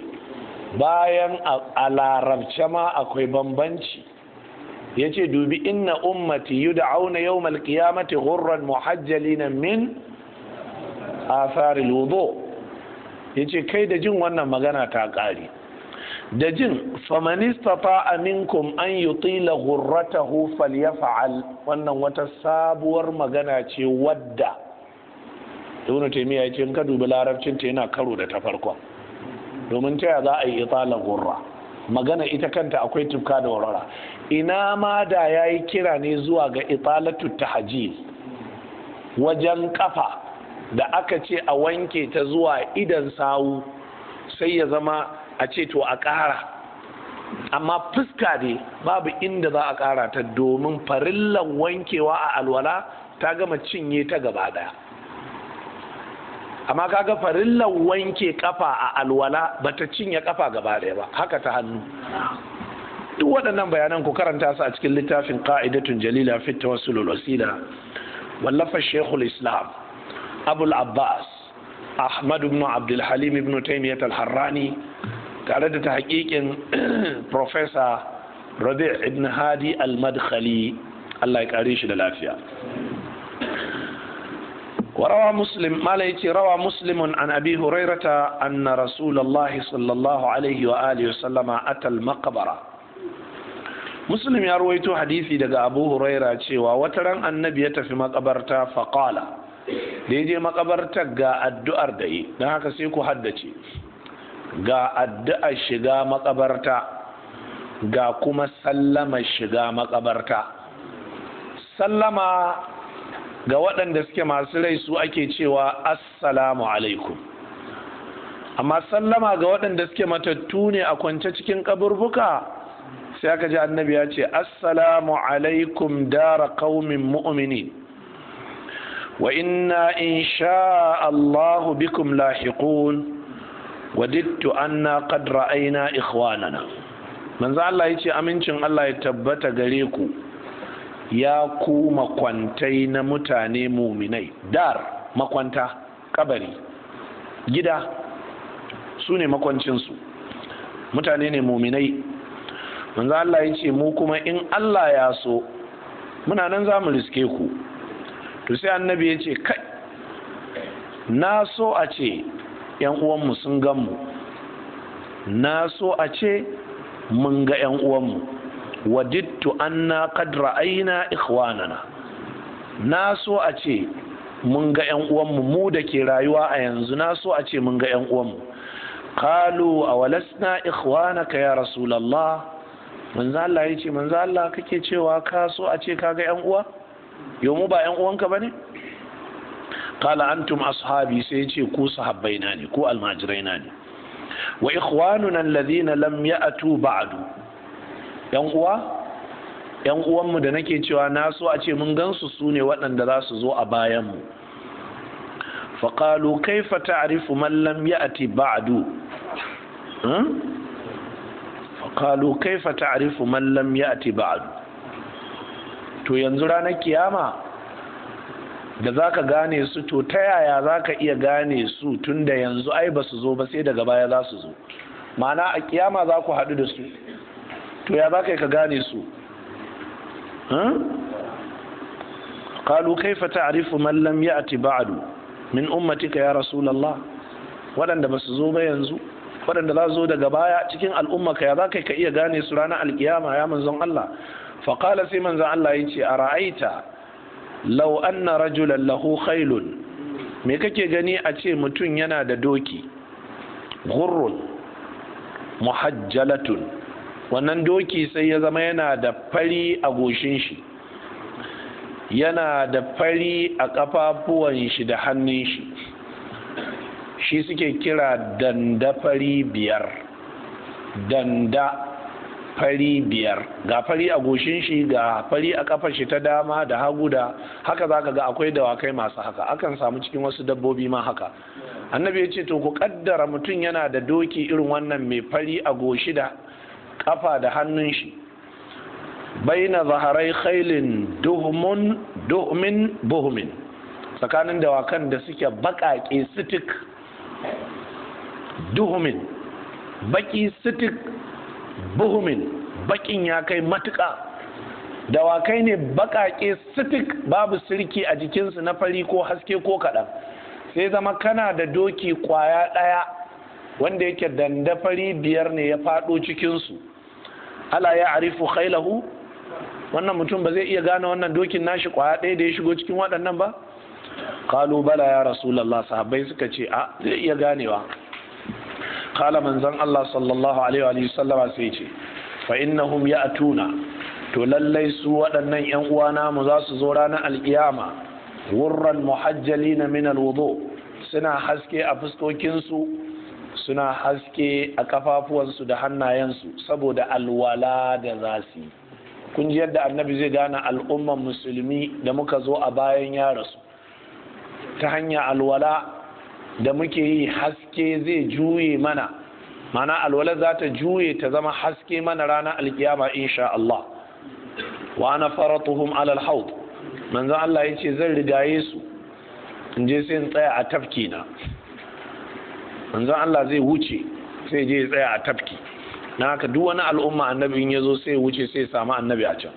bayan a larabce ma akwai bambanci ya ce dubi inna ummati yud'auna yawmal qiyamati ghurran muhajjalina min lobo wudu ce kai da jin wannan magana ta ƙare da jin fa aminkum an hufal ya fa’al wannan wata sabuwar magana ce wadda ibn taymiya yace in ka dubi larabcin ta yana karo da ta farkon domin ta za a yi itala gurra magana ita kanta akwai tuka da warara ina ma da yayi kira ne zuwa ga italatu haji wajen kafa da aka ce a wanke ta zuwa idan sawu sai ya zama a ce to a ƙara amma fuska ne babu inda za a ƙara ta domin farillan wankewa a alwala ta gama cinye ta gaba ɗaya amma kaga farillan wanke kafa a alwala bata cinye kafa gaba ɗaya ba haka ta hannu duk waɗannan bayanan ku karanta su a cikin littafin ka'idatun jalila fi tawassulul wasila wallafa shekul islam abul abbas ahmad ibn abdul halim ibn taymiyyah al-harrani tare da ta haƙiƙin Profesa Rabi'u Ibn Hadi al-Madkhali Allah ya ƙare shi da lafiya. Wa rawa Muslim, mala ya ce, an abi hurairata an na Rasulallah sallallahu Alaihi wa Alihi wa Sallama a talmakabara. Muslim ya ruwaito hadisi daga abu huraira cewa wata ran annabi ya tafi maƙabarta faƙala, da ya je makabarta ga addu’ar da yi, don haka sai ku haddace. ga addu'a shiga makabarta ga kuma sallama shiga makabarta sallama ga waɗanda suke masu rai su ake cewa assalamu alaikum amma sallama ga waɗanda suke matattu ne a kwance cikin kaburbuka sai aka ji annabi ya ce assalamu alaikum dara qaumin mu'minin wa inna sha Allahu bikum lahiqun wadittu anna qad ra'ayna ikhwanana manzo Allah yace amincin Allah ya tabbata gare ku ya ku makwantai na mutane muminai dar makwanta kabari gida su ne makwancinsu mutane ne muminai manzo Allah yace mu kuma in Allah ya so muna nan za mu riske ku to sai annabi ya ce kai na so a ce 'yan uwanmu sun ganmu na so a ce mun ga 'yan uwanmu wadittu anna kadra aina ikhwanana na so a ce mun ga 'yan uwanmu mu da ke rayuwa a yanzu na so a ce mun ga 'yan uwanmu qalu awalasna ikhwanaka ya rasulallah manzo Allah ya ce manzo Allah kake cewa ka so a ce ka ga 'yan uwa yo mu ba 'yan uwanka ba ne. qala antum ashabi sai ce ku sahabbaina ne ku almajiraina ne wa ikhwanuna alladhina lam ya'tu ba'du yan uwanmu da nake cewa na so a ce mun gansu su ne waɗanda za su zo a bayanmu faƙalu kaifa ta'rifu kaifa ta'rifu man lam ya'ti hmm? to yanzu ranar kiyama da za ka gane su to ta yaya za ka iya gane su tun da yanzu ai ba su zo ba sai daga baya za su zo mana a kiyama za ku haɗu da su to ya za ka yi ka gane su kalu hmm? kaifa ta'rifu man lam ya'ti ba'du min ummatika ya rasulullah waɗanda ba su zo ba yanzu waɗanda za zo daga baya cikin al'ummaka ya za ka ka iya gane su ranar alkiyama ya manzon Allah faƙala sai manzon Allah ya ce a ra'aita law anna rajulan lahu khailun me kake gani a ce mutum yana da doki gurrun muhajjalatun wannan doki sai ya zama yana da fari a goshin shi yana da fari a ƙafafuwan shi da hannun shi shi suke kira danda fari biyar danda fari biyar ga fari a goshin shi ga fari a kafar shi ta dama da hagu da haka ka ga akwai dawakai masu haka akan samu cikin wasu dabbobi ma haka annabi ya ce to ku kaddara mutum yana da doki irin wannan mai fari a goshi da kafa da hannun shi baina zaharai khailin duhmun buhumin, tsakanin dawakan da suke baƙaƙe sitik duhumin baki sitik buhumin bakin ya kai matuƙa dawakai ne baƙaƙe sitik babu sirki a jikinsu na fari ko haske ko kaɗan sai zama kana da doki kwaya ɗaya wanda yake fari biyar ne ya faɗo cikinsu ala ya arifu khailahu wannan mutum ba zai iya gane wannan dokin nashi kwaya ɗaya da ya shigo cikin waɗannan ba kalubala ya rasulallah sahabbai suka ce a zai iya ganewa kala manzon Allah sallallahu alaihi wa sallama sai ce fa innahum tuna, to lallai su waɗannan yan uwana mu za su zo ranar alkiyama wurran na min alwudu suna haske a fuskokinsu suna haske a kafafuwansu da hannayensu saboda alwala da za su kun ji yadda annabi zai gane al'umman musulmi da muka zo a bayan ya rasu ta hanya alwala da muke yi haske zai juye mana mana alwala za ta juye ta zama haske mana ranar alkiyama insha Allah wa ana faratuhum alal haud manzo Allah ya ce zan rigaye su in je sai in tsaya a tafki na manzo Allah zai wuce sai je tsaya a tafki na haka duk wani al'umma annabi in ya zo sai wuce sai samu annabi a can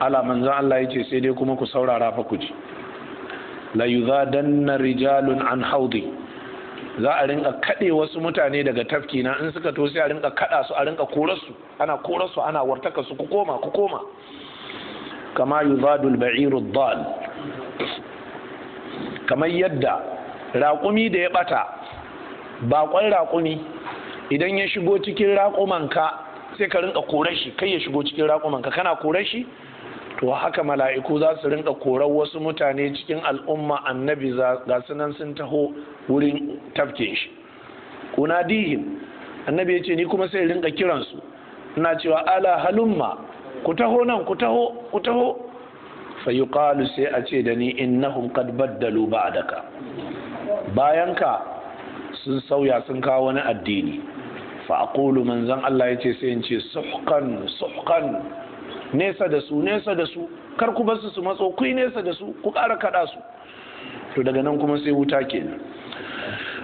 ala manzo Allah ya ce sai dai kuma ku saurara fa ku ji la yuzadanna rijalun an haudi za a rinka kaɗe wasu mutane daga tafki na in suka to sai a rinka kaɗa su a rinka kora su ana kora su ana wartaka su ku koma ku koma kama yuzadul bairu dal kamar yadda raƙumi da ya ɓata baƙon raƙumi idan ya shigo cikin raƙumanka sai ka rinka kore shi kai ya shigo cikin raƙumanka kana kore shi to haka mala'iku za su rinka korar wasu mutane cikin al'umma annabi ga sunan sun taho wurin tafkin shi kuna dihin annabi ya ce ni kuma sai rinka kiransu ina cewa ala halumma ku taho nan ku taho ku taho Kalu sai a ce da ni innahum qad baddalu ba'daka bayan ka sun sauya sun kawo wani addini fa a aqulu manzon Allah yace sai in ce suhqan suhqan nesa da su nesa da su kar ku basu su matso ku nesa da su ku ƙara kaɗa su to daga nan kuma sai wuta kenan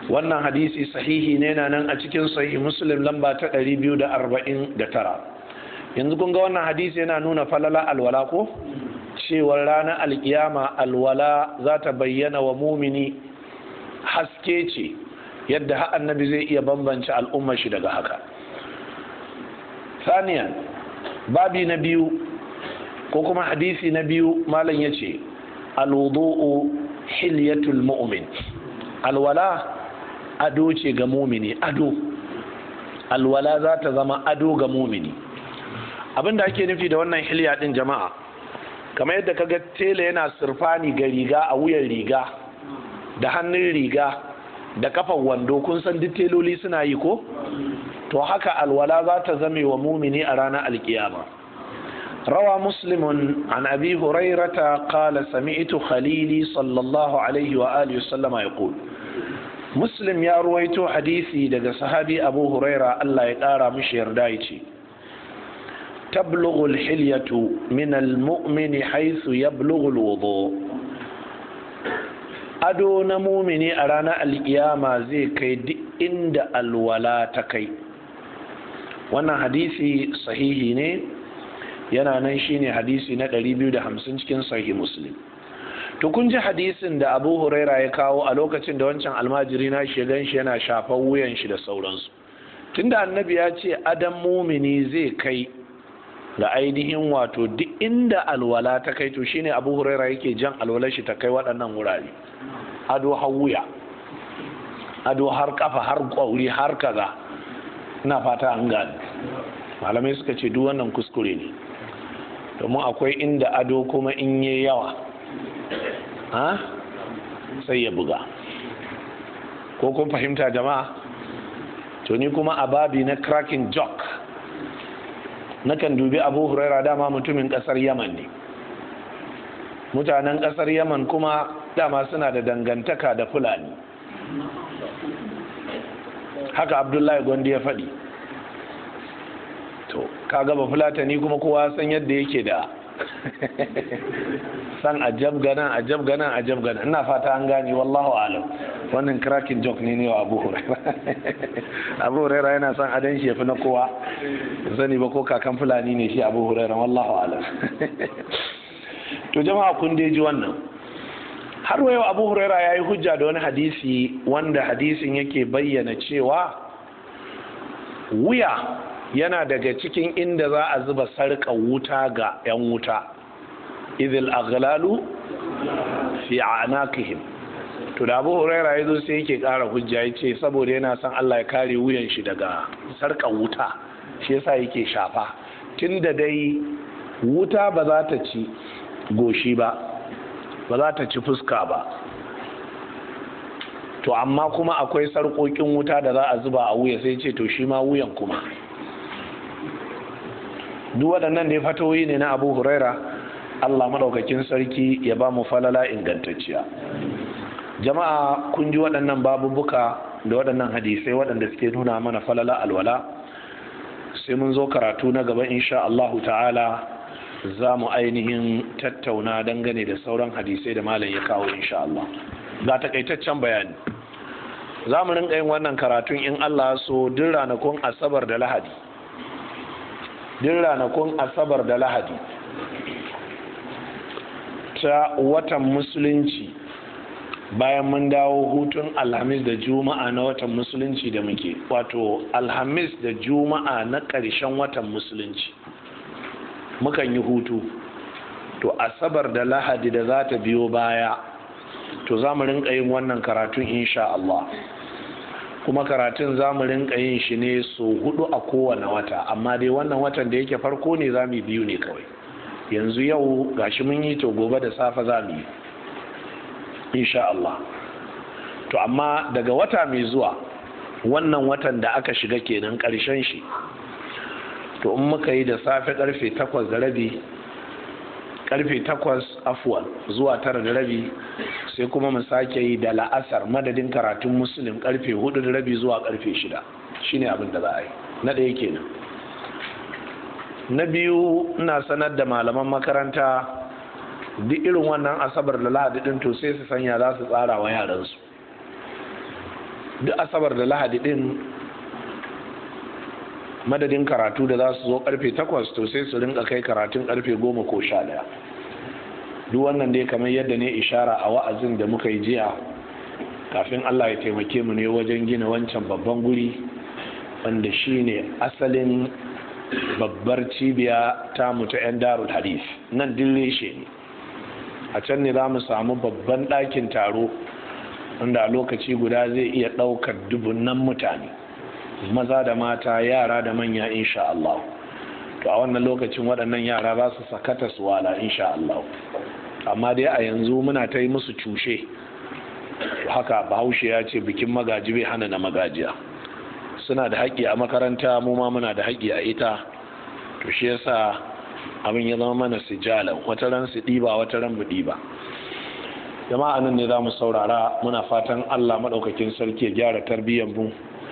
wannan hadisi sahihi ne na nan a cikin sahih muslim lamba ta 249 yanzu kun ga wannan hadisi yana nuna falala alwala ko cewar ranar alkiyama alwala za ta bayyana wa mumini haske ce yadda annabi zai iya bambance al'umma shi daga haka saniyan babi na biyu ko kuma hadisi na biyu malam ya ce alwudu'u hilyatul mu'min alwala ado ce ga mumini ado alwala za ta zama ado ga mumini abin da ake nufi da wannan hilya din jama'a kamar yadda kaga tela yana sirfani ga riga a wuyan riga da hannun riga da kafan wando kun san duk teloli suna yi ko to haka alwala za ta zame wa mumini a ranar alkiyama rawa muslimun an abi hurairata qala sami'tu khalili sallallahu alaihi wa alihi sallama yaqul muslim ya ruwaito hadisi daga sahabi abu huraira Allah ya ƙara mishi yarda yace تبلغ الحلية من haisu ya يبلغ الوضوء ado na mumini a ranar alkiyama zai kai duk inda alwala ta kai wannan hadisi sahihi ne yana nan shine hadisi na 250 cikin sahih muslim to kun ji hadisin da abu huraira ya kawo a lokacin da wancan almajiri na shigan shi yana shafan wuyan shi da sauransu tunda annabi ya ce adam mumini zai kai da ainihin wato duk inda alwala ta kai to shine abu huraira yake jan alwalar shi ta kai waɗannan wurare ado har wuya ado har kafa har kwauri har kaza ina fata an gane malamai suka ce duk wannan kuskure ne domin akwai inda ado kuma in yi yawa ha sai ya buga ko kun fahimta jama'a to ni kuma a babi na cracking joke nakan dubi abu huraira dama mutumin kasar yaman ne mutanen kasar yaman kuma dama suna da dangantaka da fulani haka abdullahi gwandi ya faɗi to ka gaba fulatani kuma kowa san yadda yake da san ajab gana ajab gana ajab gana ina fata an gani wallahu alam wannan cracking joke ne ne wa Abu Huraira Abu Huraira yana san adan shi na kowa zani ba ko kakan fulani ne shi Abu Huraira wallahu alam to jama'a kun dai ji wannan har wayo Abu Huraira yayi hujja da wani hadisi wanda hadisin yake bayyana cewa wuya yana daga cikin inda za a zuba sarƙa wuta ga 'yan wuta izil aghlalu fi anakihim to da abu huraira ya zo sai yake ƙara hujja ya ce saboda yana son allah ya kare wuyan shi daga sarƙa wuta shi yasa yake shafa tun da dai wuta ba za ta ci goshi ba ba za ta ci fuska ba to amma kuma akwai sarƙoƙin wuta da za a zuba a wuya sai ce to shi ma wuyan kuma duk waɗannan ne fatoyi ne na abu huraira allah maɗaukakin sarki ya ba mu falala ingantacciya jama'a kun ji waɗannan babubuka da waɗannan hadisai waɗanda suke nuna mana falala alwala sai mun zo karatu na gaba insha allahu ta'ala za mu ainihin tattauna dangane da sauran hadisai da malam ya kawo insha Allah ga takaitaccen bayani za mu rinka yin wannan karatun in Allah so duk ranakun asabar da lahadi din ranakun asabar da lahadi ta watan musulunci bayan mun dawo hutun alhamis da juma'a na watan musulunci da muke wato alhamis da juma'a na ƙarshen watan musulunci mukan yi hutu to asabar da lahadi da za ta biyo baya to za mu rinka yin wannan karatun insha Allah kuma karatun za mu rinka yin shi ne so hudu a kowane wata amma dai wannan watan da yake farko ne za mu biyu ne kawai yanzu yau gashi mun yi to gobe da safe za mu yi insha Allah to amma daga wata mai zuwa wannan watan da aka shiga kenan karshen shi to in muka yi da safe karfe takwas da rabi karfe takwas afuwal zuwa tara da rabi sai kuma mu sake yi da la'asar madadin karatun musulun karfe hudu da rabi zuwa karfe shida shine abin da za a yi na ɗaya kenan na biyu ina sanar da malaman makaranta duk irin wannan asabar da lahadi din to sai su sanya za su tsara wa yaransu duk asabar da lahadi din madadin karatu da za su zo karfe takwas to sai su rinka kai karatun karfe goma ko sha daya duk wannan dai kamar yadda ne ishara a wa'azin da muka yi jiya kafin allah ya taimake mu ne wajen gina wancan babban guri wanda shi ne asalin babbar cibiya tamu ta 'yan darul hadis nan dille ne a can ne za mu samu babban ɗakin taro wanda a lokaci guda zai iya ɗaukar dubunan mutane maza da mata yara da manya insha Allah to a wannan lokacin waɗannan yara za su sakata su wala insha Allah amma dai a yanzu muna ta yi musu cushe haka bahaushe ya ce bikin magaji bai hana na magajiya suna da haƙƙi a makaranta mu ma muna da haƙƙi a ita to shi yasa abin ya zama mana su jala wata ran su ɗiba wata ran mu ɗiba jama'a nan ne za mu saurara muna fatan allah maɗaukakin sarki ya gyara tarbiyyar mu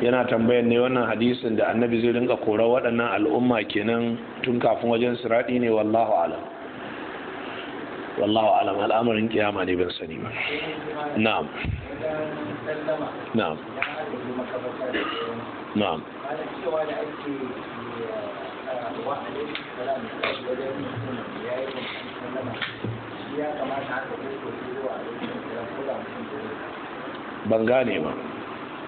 yana tambayan ne wannan hadisin da annabi zai rinka kora waɗannan al'umma kenan tun kafin wajen siraɗi ne wallahu alam wallahu alam al'amarin kiyama ne bin sani ba na'am na'am na'am ban gane ba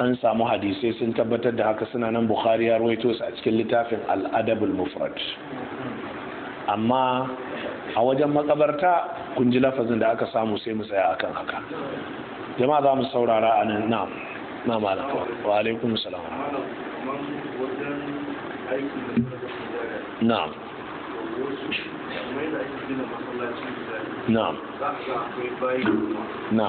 an samu hadisai sun tabbatar da haka suna nan bukhari ya ruwaito su a cikin littafin al'adabul mufrad amma a wajen makabarta kun ji lafazin da aka samu sai mu tsaya akan haka jama'a za mu saurara a nan na na malaka wa alaikum salam Na, na, na.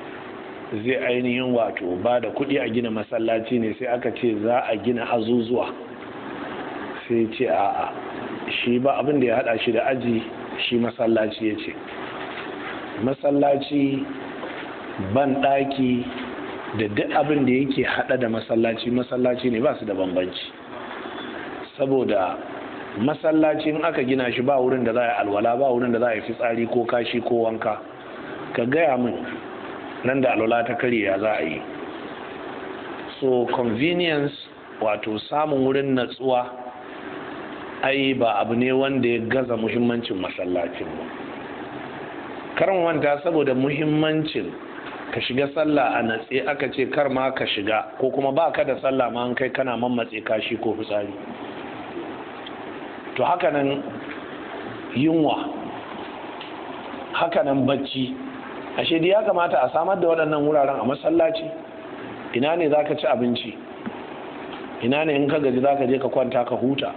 zai ainihin wato ba da kuɗi a gina masallaci ne sai aka ce za a gina azuzuwa sai ce a'a shi ba abin da ya hada shi da aji shi masallaci ya ce masallaci ban daki da duk abin da yake hada da masallaci masallaci ne ba su da bambanci saboda masallaci in aka gina shi ba wurin da za a alwala ba wurin da za a yi fitsari ko kashi ko wanka ka gaya min nan da alwala ta karya za a yi so convenience wato samun wurin natsuwa ai ba abu ne wanda ya gaza muhimmancin masallacin ba karan wanta saboda muhimmancin ka shiga sallah a natse aka ce kar ma ka shiga ko kuma ba ka da sallah ma an kai kana mammatse kashi ko fitsari to hakanan yunwa hakanan bacci ashe dai ya kamata a samar da waɗannan wuraren a masallaci ina ne za ka ci abinci ina ne in ka gaji za ka je ka kwanta ka huta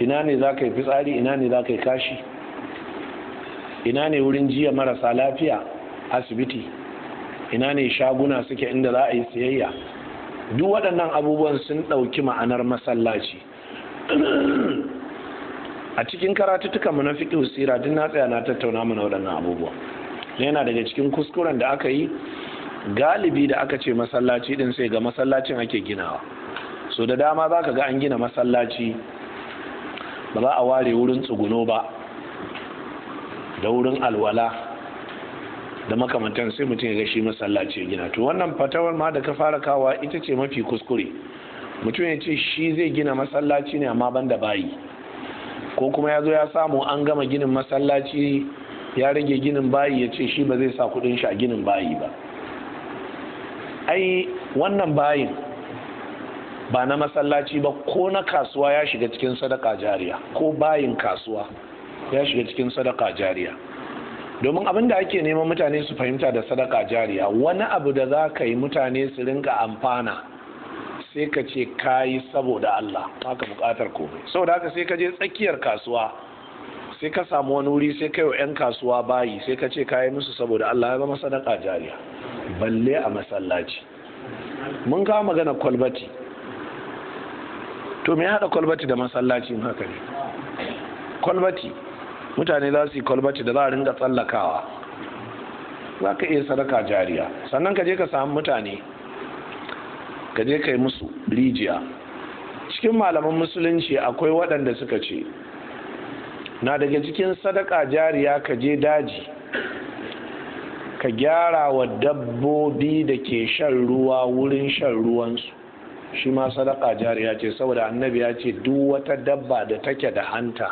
ina ne za ka yi fitsari ina ne za ka yi kashi ina ne wurin jiya marasa lafiya asibiti ina ne shaguna suke inda za a yi siyayya duk waɗannan abubuwan sun ɗauki ma'anar masallaci a cikin karatuttukan mu na fiƙi usira duk na tsaya na tattauna mana waɗannan abubuwan yana daga cikin kuskuren da aka yi galibi da aka ce masallaci din sai ga masallacin ake ginawa so da dama za ka ga an gina masallaci ba za a ware wurin tsuguno ba da wurin alwala da makamantan sai mutum ya ga shi masallaci ya gina to wannan fatawar ma da ka fara kawa ita ce mafi kuskure mutum ya ce shi zai gina masallaci ne amma ban da bayi ko kuma ya zo ya samu an gama ginin masallaci ya rage ginin bayi ya ce shi ba zai sa kudin shi a ginin bayi ba ai wannan bayin ba na masallaci ba ko na kasuwa ya shiga cikin sadaka jariya ko bayin kasuwa ya shiga cikin sadaka jariya domin abin da ake neman mutane su fahimta da sadaka jariya wani abu da za ka yi mutane su rinka amfana sai ka ce ka yi saboda Allah haka bukatar komai saboda haka sai ka je tsakiyar kasuwa sai ka samu wani wuri sai kai wa 'yan kasuwa bayi sai ka ce kayi musu saboda Allah ya zama sadaka jariya balle a masallaci mun kawo magana kwalbati to me haɗa kwalbati da masallaci haka ne kwalbati mutane za su yi kwalbati da za a ringa tsallakawa za ka iya sadaka jariya sannan ka je ka samu mutane ka je ka yi musu rijiya cikin malaman musulunci akwai waɗanda suka ce na daga cikin sadaka jariya ka je daji ka gyara wa dabbobi da ke shan ruwa wurin shan ruwansu shi ma sadaka jariya ce saboda annabi ya ce duk wata dabba da take da hanta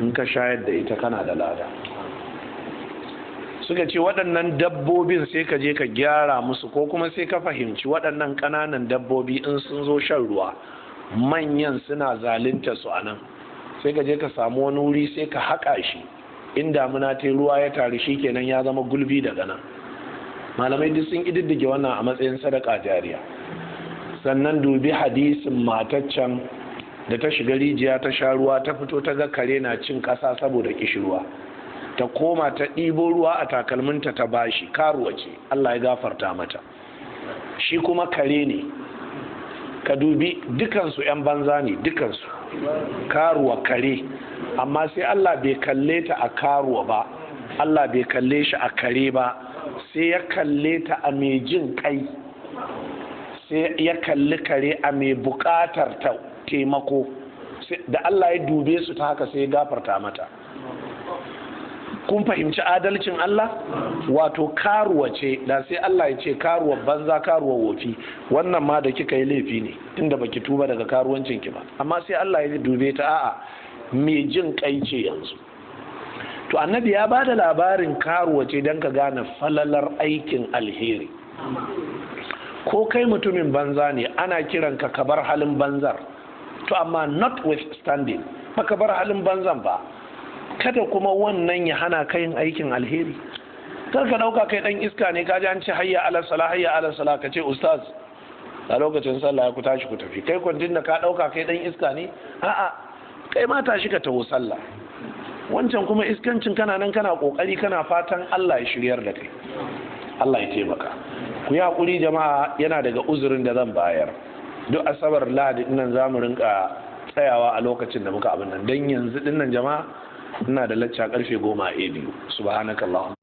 in ka shayar da ita kana da lada suka ce waɗannan dabbobin sai ka je ka gyara musu ko kuma sai ka fahimci waɗannan ƙananan dabbobi in sun zo shan ruwa manyan suna zalunta su a nan sai ka je ka samu wani wuri sai ka haƙa shi in damuna ta ruwa ya taru shi kenan ya zama gulbi daga nan malamai duk sun ƙididdige wannan a matsayin sadaka jariya sannan dubi hadisin mataccen da ta shiga rijiya ta sha ruwa ta fito ta ga kare na cin ƙasa saboda kishirwa ta koma ta ɗibo ruwa a takalminta ta bashi karuwa ce Allah ya gafarta mata shi kuma kare ne ka dubi dukansu 'yan banza ne dukansu karuwa kare amma sai Allah bai kalle ta a karuwa ba Allah bai kalle shi a kare ba sai ya kalle ta a mai jin kai sai ya kalli kare a mai bukatar ta taimako da Allah ya dube su ta haka sai ya gafarta mata kun fahimci adalcin Allah wato karuwa ce da sai Allah ya ce karuwa banza karuwa wofi wannan ma da kika yi laifi ne tunda baki tuba daga karuwancin ki ba amma sai Allah ya dube ta a'a me jin kai ce yanzu to annabi ya bada labarin karuwa ce don ka gane falalar aikin alheri ko kai mutumin banza ne ana kiranka ka bar halin banzar to amma notwithstanding baka bar halin banzan ba kada kuma wannan ya hana ka yin aikin alheri kar ka dauka kai dan iska ne kaji an ce hayya ala sala hayya ala sala ka ce ustaz a lokacin sallah ku tashi ku tafi kai kwantin da ka dauka kai dan iska ne a'a kai ma tashi ka taho sallah wancan kuma iskancin kana nan kana kokari kana fatan Allah ya shiryar da kai Allah ya taimaka ku yi hakuri jama'a yana daga uzurin da zan bayar duk asabar lahadi nan za mu rinka tsayawa a lokacin da muka abin nan dan yanzu dinnan jama'a ina da lacca karfe goma a biyu subhanakallahumma